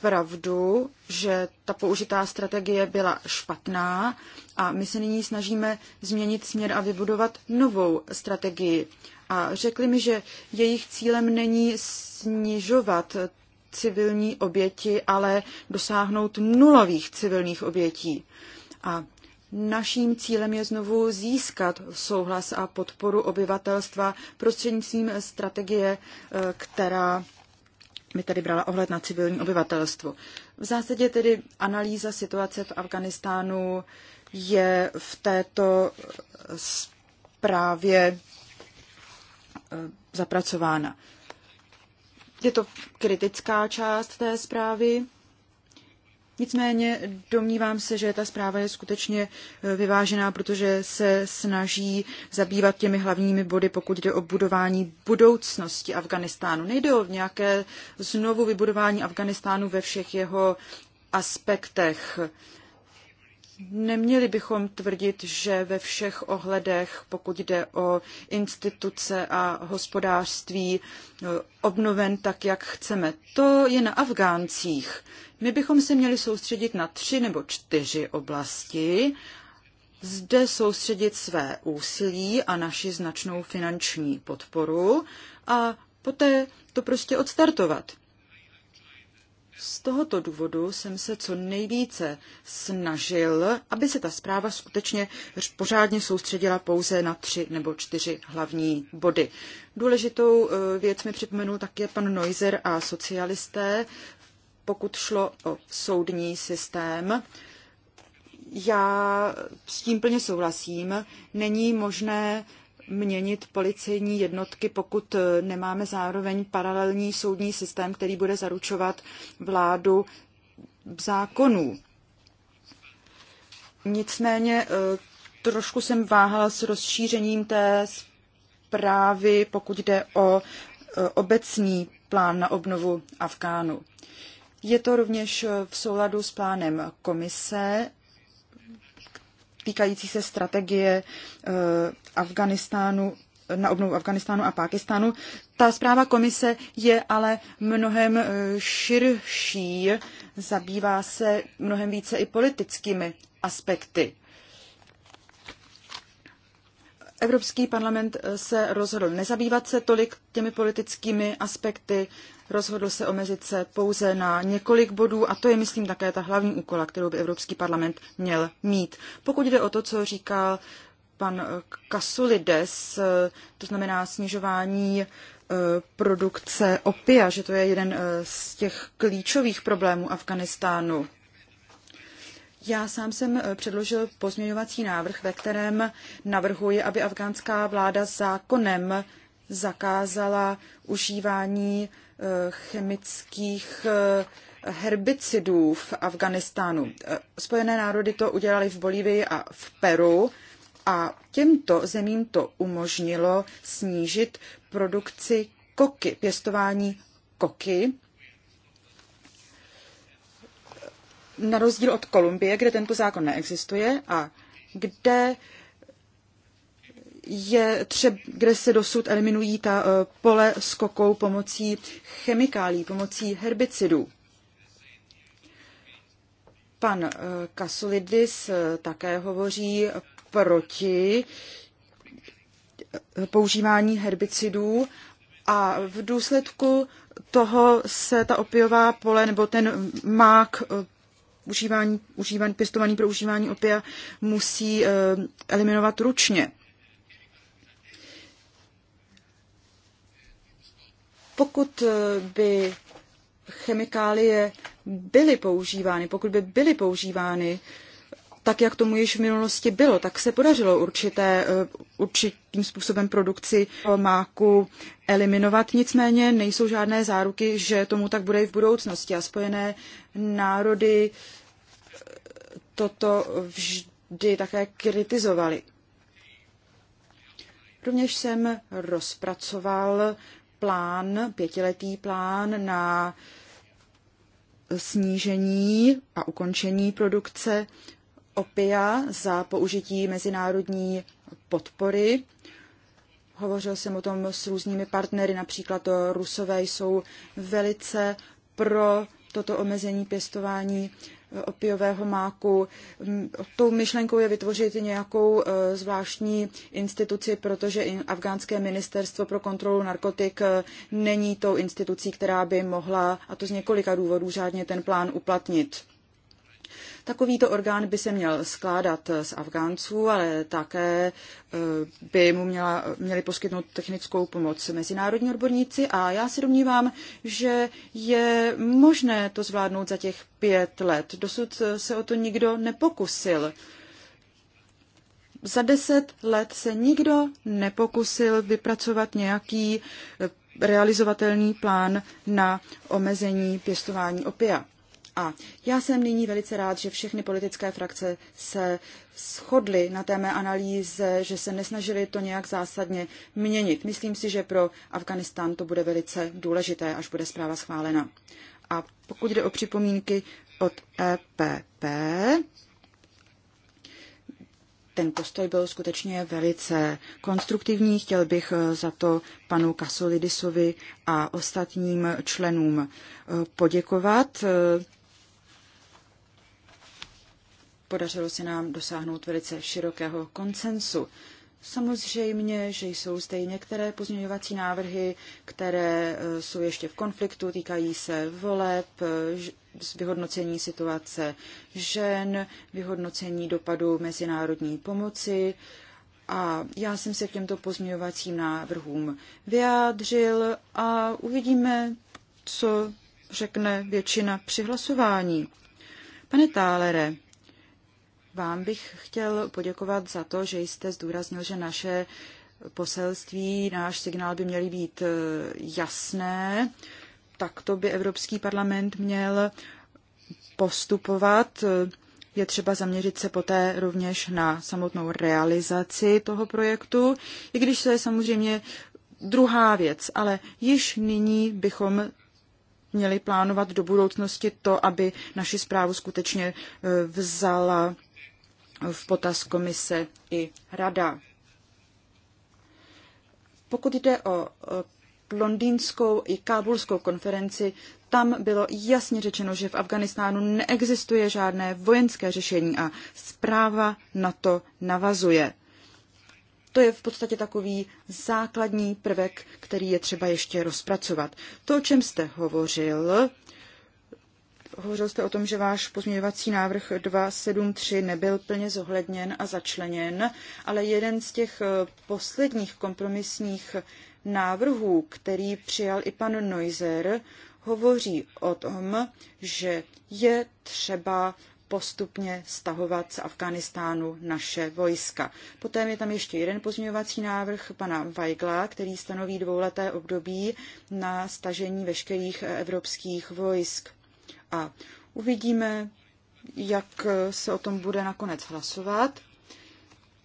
pravdu, že ta použitá strategie byla špatná a my se nyní snažíme změnit směr a vybudovat novou strategii. A řekli mi, že jejich cílem není snižovat civilní oběti, ale dosáhnout nulových civilních obětí. A Naším cílem je znovu získat souhlas a podporu obyvatelstva prostřednictvím strategie, eh, která by tady brala ohled na civilní obyvatelstvo. V zásadě tedy analýza situace v Afganistánu je v této eh, zprávě eh, zapracována. Je to kritická část té zprávy. Nicméně domnívám se, že ta zpráva je skutečně e, vyvážená, protože se snaží zabývat těmi hlavními body, pokud jde o budování budoucnosti Afganistánu. Nejde o nějaké znovu vybudování Afganistánu ve všech jeho aspektech. Neměli bychom tvrdit, že ve všech ohledech, pokud jde o instituce a hospodářství, e, obnoven tak, jak chceme. To je na Afgáncích. My bychom se měli soustředit na tři nebo čtyři oblasti, zde soustředit své úsilí a naši značnou finanční podporu a poté to prostě odstartovat. Z tohoto důvodu jsem se co nejvíce snažil, aby se ta zpráva skutečně pořádně soustředila pouze na tři nebo čtyři hlavní body. Důležitou eh, věc mi připomenul také pan Neuser a socialisté, pokud šlo o soudní systém. Já s tím plně souhlasím. Není možné měnit policejní jednotky, pokud e, nemáme zároveň paralelní soudní systém, který bude zaručovat vládu zákonů. Nicméně e, trošku jsem váhala s rozšířením té zprávy, pokud jde o e, obecní plán na obnovu Afgánu. Je to rovněž v souladu s plánem komise týkající se strategie eh, Afganistánu na obnovu Afganistánu a Pákistánu. Ta zpráva komise je ale mnohem eh, širší, zabývá se mnohem více i politickými aspekty. Evropský parlament eh, se rozhodl nezabývat se tolik těmi politickými aspekty, rozhodl se omezit se pouze na několik bodů a to je, myslím, také ta hlavní úkola, kterou by Evropský parlament měl mít. Pokud jde o to, co říkal pan Kasulides, to znamená snižování eh, produkce opia, že to je jeden eh, z těch klíčových problémů Afganistánu. Já sám jsem eh, předložil pozměňovací návrh, ve kterém navrhuji, aby afgánská vláda zákonem zakázala užívání chemických eh, herbicidů v Afganistánu. Eh, Spojené národy to udělali v Bolívii a v Peru a těmto zemím to umožnilo snížit produkci koky, pěstování koky, na rozdíl od Kolumbie, kde tento zákon neexistuje a kde je třeba, kde se dosud eliminují ta eh, pole s kokou pomocí chemikálí, pomocí herbicidů. Pan eh, Kasolidis eh, také hovoří proti používání herbicidů a v důsledku toho se ta opiová pole nebo ten mák užívání, užívání, pěstovaný pro užívání opia musí eliminovat ručně. Pokud eh, by chemikálie byly používány, pokud by byly používány, tak jak tomu již v minulosti bylo, tak se podařilo určité, eh, určitým způsobem produkci máku eliminovat. Nicméně nejsou žádné záruky, že tomu tak bude i v budoucnosti. A spojené národy eh, toto vždy také kritizovali. Rovněž jsem rozpracoval plán, pětiletý plán na snížení a ukončení produkce opia za použití mezinárodní podpory. Hovořil jsem o tom s různými partnery, například Rusové jsou velice pro toto omezení pěstování opiového máku. Mm, tou myšlenkou je vytvořit nějakou eh, zvláštní instituci, protože afgánské ministerstvo pro kontrolu narkotik eh, není tou institucí, která by mohla, a to z několika důvodů, řádně ten plán uplatnit. Takovýto orgán by se měl skládat z Afgánců, ale také eh, by mu měla, měli poskytnout technickou pomoc mezinárodní odborníci a já si domnívám, že je možné to zvládnout za těch pět let. Dosud se o to nikdo nepokusil. Za deset let se nikdo nepokusil vypracovat nějaký eh, realizovatelný plán na omezení pěstování opia. A já jsem nyní velice rád, že všechny politické frakce se shodly na té mé analýze, že se nesnažili to nějak zásadně měnit. Myslím si, že pro Afganistán to bude velice důležité, až bude zpráva schválena. A pokud jde o připomínky od EPP, ten postoj byl skutečně velice konstruktivní. Chtěl bych eh, za to panu Kasolidisovi a ostatním členům eh, poděkovat. Eh, Podařilo se nám dosáhnout velice širokého konsensu. Samozřejmě, že jsou zde i některé pozměňovací návrhy, které eh, jsou ještě v konfliktu, týkají se voleb, eh, vyhodnocení situace žen, vyhodnocení dopadu mezinárodní pomoci. A já jsem se k těmto pozměňovacím návrhům vyjádřil a uvidíme, co řekne většina při hlasování. Pane Tálere, vám bych chtěl poděkovat za to, že jste zdůraznil, že naše poselství, náš signál by měly být eh, jasné. Takto by Evropský parlament měl postupovat. Je třeba zaměřit se poté rovněž na samotnou realizaci toho projektu, i když to je samozřejmě druhá věc, ale již nyní bychom měli plánovat do budoucnosti to, aby naši zprávu skutečně eh, vzala v potaz komise i rada. Pokud jde o e, londýnskou i kábulskou konferenci, tam bylo jasně řečeno, že v Afganistánu neexistuje žádné vojenské řešení a zpráva na to navazuje. To je v podstatě takový základní prvek, který je třeba ještě rozpracovat. To, o čem jste hovořil, hovořil jste o tom, že váš pozměňovací návrh 273 nebyl plně zohledněn a začleněn, ale jeden z těch eh, posledních kompromisních návrhů, který přijal i pan Neuser, hovoří o tom, že je třeba postupně stahovat z Afghánistánu naše vojska. Poté je tam ještě jeden pozměňovací návrh pana Weigla, který stanoví dvouleté období na stažení veškerých eh, evropských vojsk a uvidíme, jak se o tom bude nakonec hlasovat.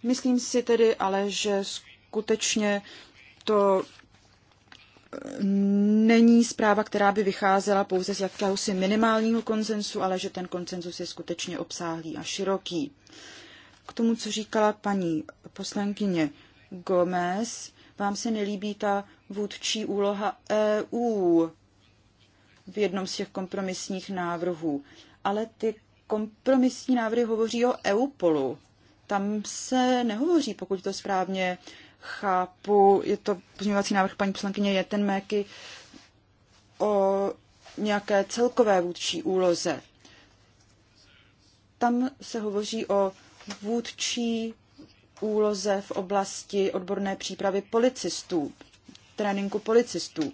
Myslím si tedy ale, že skutečně to eh, není zpráva, která by vycházela pouze z jakéhosi minimálního konsenzu, ale že ten konsenzus je skutečně obsáhlý a široký. K tomu, co říkala paní poslankyně Gomez, vám se nelíbí ta vůdčí úloha EU v jednom z těch kompromisních návrhů. Ale ty kompromisní návrhy hovoří o EUPOLu. Tam se nehovoří, pokud to správně chápu, je to pozměňovací návrh paní poslankyně Jetenmeky, o nějaké celkové vůdčí úloze. Tam se hovoří o vůdčí úloze v oblasti odborné přípravy policistů, tréninku policistů.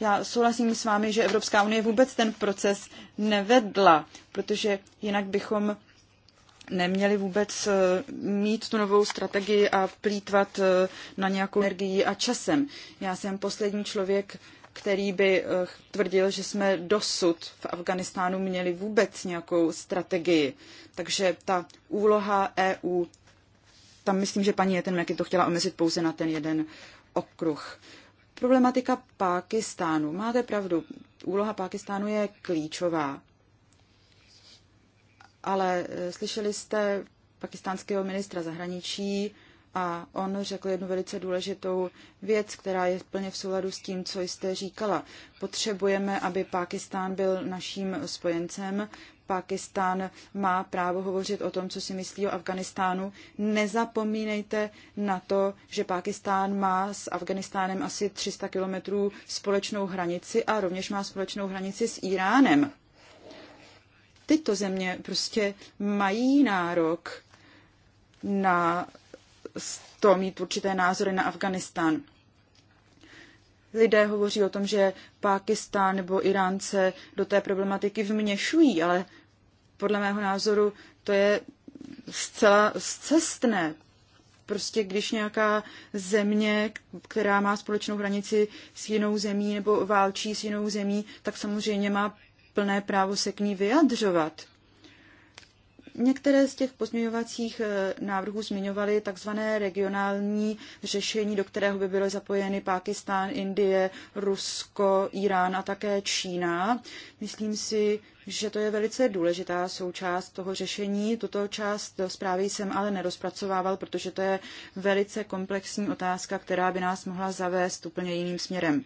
Já souhlasím s vámi, že Evropská unie vůbec ten proces nevedla, protože jinak bychom neměli vůbec eh, mít tu novou strategii a plítvat eh, na nějakou energii a časem. Já jsem poslední člověk, který by eh, tvrdil, že jsme dosud v Afganistánu měli vůbec nějakou strategii. Takže ta úloha EU, tam myslím, že paní Jetenmeky to chtěla omezit pouze na ten jeden okruh. Problematika Pákistánu. Máte pravdu, úloha Pákistánu je klíčová. Ale e, slyšeli jste pakistánského ministra zahraničí a on řekl jednu velice důležitou věc, která je plně v souladu s tím, co jste říkala. Potřebujeme, aby Pákistán byl naším spojencem, Pakistán má právo hovořit o tom, co si myslí o Afganistánu. Nezapomínejte na to, že Pakistán má s Afganistánem asi 300 kilometrů společnou hranici a rovněž má společnou hranici s Iránem. Tyto země prostě mají nárok na to mít určité názory na Afganistán. Lidé hovoří o tom, že Pákistán nebo Irán se do té problematiky vměšují, ale podle mého názoru to je zcela zcestné. Prostě když nějaká země, která má společnou hranici s jinou zemí nebo válčí s jinou zemí, tak samozřejmě má plné právo se k ní vyjadřovat. Některé z těch pozměňovacích eh, návrhů zmiňovaly takzvané regionální řešení, do kterého by byly zapojeny Pákistán, Indie, Rusko, Irán a také Čína. Myslím si, že to je velice důležitá součást toho řešení. Tuto část zprávy jsem ale nerozpracovával, protože to je velice komplexní otázka, která by nás mohla zavést úplně jiným směrem.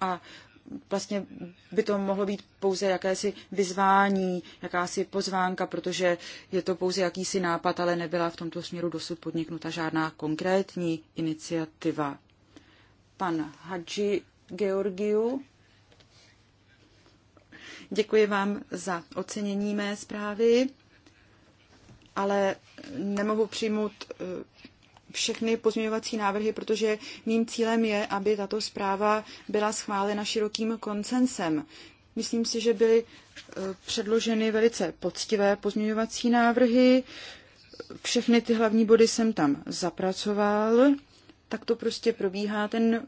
A vlastně by to mohlo být pouze jakési vyzvání, jakási pozvánka, protože je to pouze jakýsi nápad, ale nebyla v tomto směru dosud podniknuta žádná konkrétní iniciativa. Pan Hadži Georgiu. Děkuji vám za ocenění mé zprávy, ale nemohu přijmout eh, všechny pozměňovací návrhy, protože mým cílem je, aby tato zpráva byla schválena širokým konsensem. Myslím si, že byly eh, předloženy velice poctivé pozměňovací návrhy. Všechny ty hlavní body jsem tam zapracoval. Tak to prostě probíhá. Ten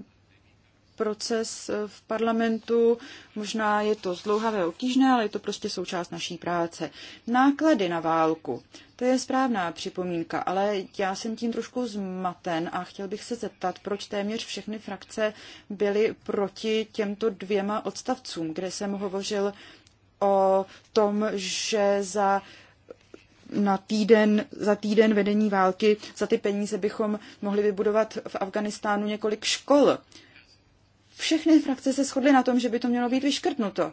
proces eh, v parlamentu. Možná je to zdlouhavé, obtížné, ale je to prostě součást naší práce. Náklady na válku. To je správná připomínka, ale já jsem tím trošku zmaten a chtěl bych se zeptat, proč téměř všechny frakce byly proti těmto dvěma odstavcům, kde jsem hovořil o tom, že za na týden, za týden vedení války, za ty peníze bychom mohli vybudovat v Afganistánu několik škol všechny frakce se shodly na tom, že by to mělo být vyškrtnuto.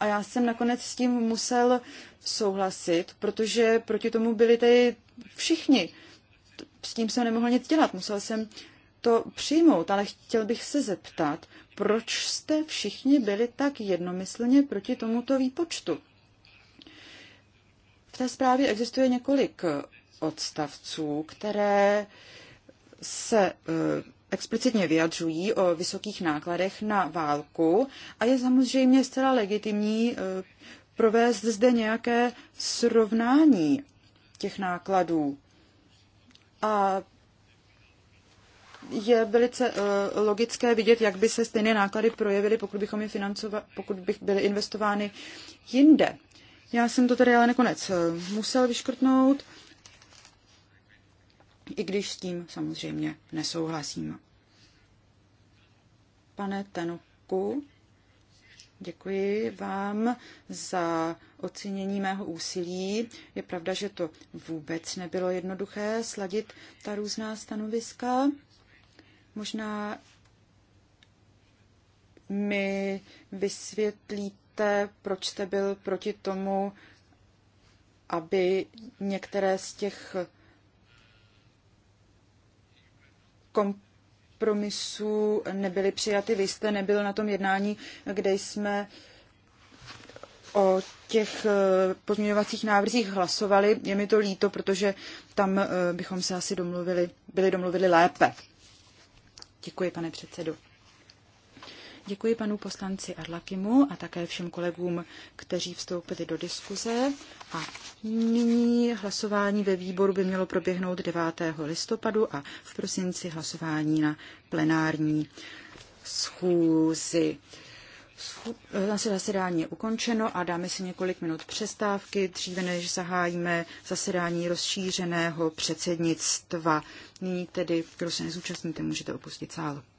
A já jsem nakonec s tím musel souhlasit, protože proti tomu byli tady všichni. S tím jsem nemohl nic dělat, musel jsem to přijmout, ale chtěl bych se zeptat, proč jste všichni byli tak jednomyslně proti tomuto výpočtu? V té zprávě existuje několik odstavců, které se eh, explicitně vyjadřují o vysokých nákladech na válku a je samozřejmě zcela legitimní e, provést zde nějaké srovnání těch nákladů. A je velice e, logické vidět, jak by se stejné náklady projevily, pokud bychom je pokud by byly investovány jinde. Já jsem to tady ale nakonec e, musel vyškrtnout, i když s tím samozřejmě nesouhlasím pane Tenuku. Děkuji vám za ocenění mého úsilí. Je pravda, že to vůbec nebylo jednoduché sladit ta různá stanoviska. Možná mi vysvětlíte, proč jste byl proti tomu, aby některé z těch komp- kompromisů nebyly přijaty. Vy jste nebyl na tom jednání, kde jsme o těch eh, pozměňovacích návrzích hlasovali. Je mi to líto, protože tam eh, bychom se asi domluvili, byli domluvili lépe. Děkuji, pane předsedo. Děkuji panu poslanci Arlakimu a také všem kolegům, kteří vstoupili do diskuze. A nyní hlasování ve výboru by mělo proběhnout 9. listopadu a v prosinci hlasování na plenární schůzi. Naše zasedání je ukončeno a dáme si několik minut přestávky, dříve než zahájíme zasedání rozšířeného předsednictva. Nyní tedy, kdo se nezúčastníte, můžete opustit sál.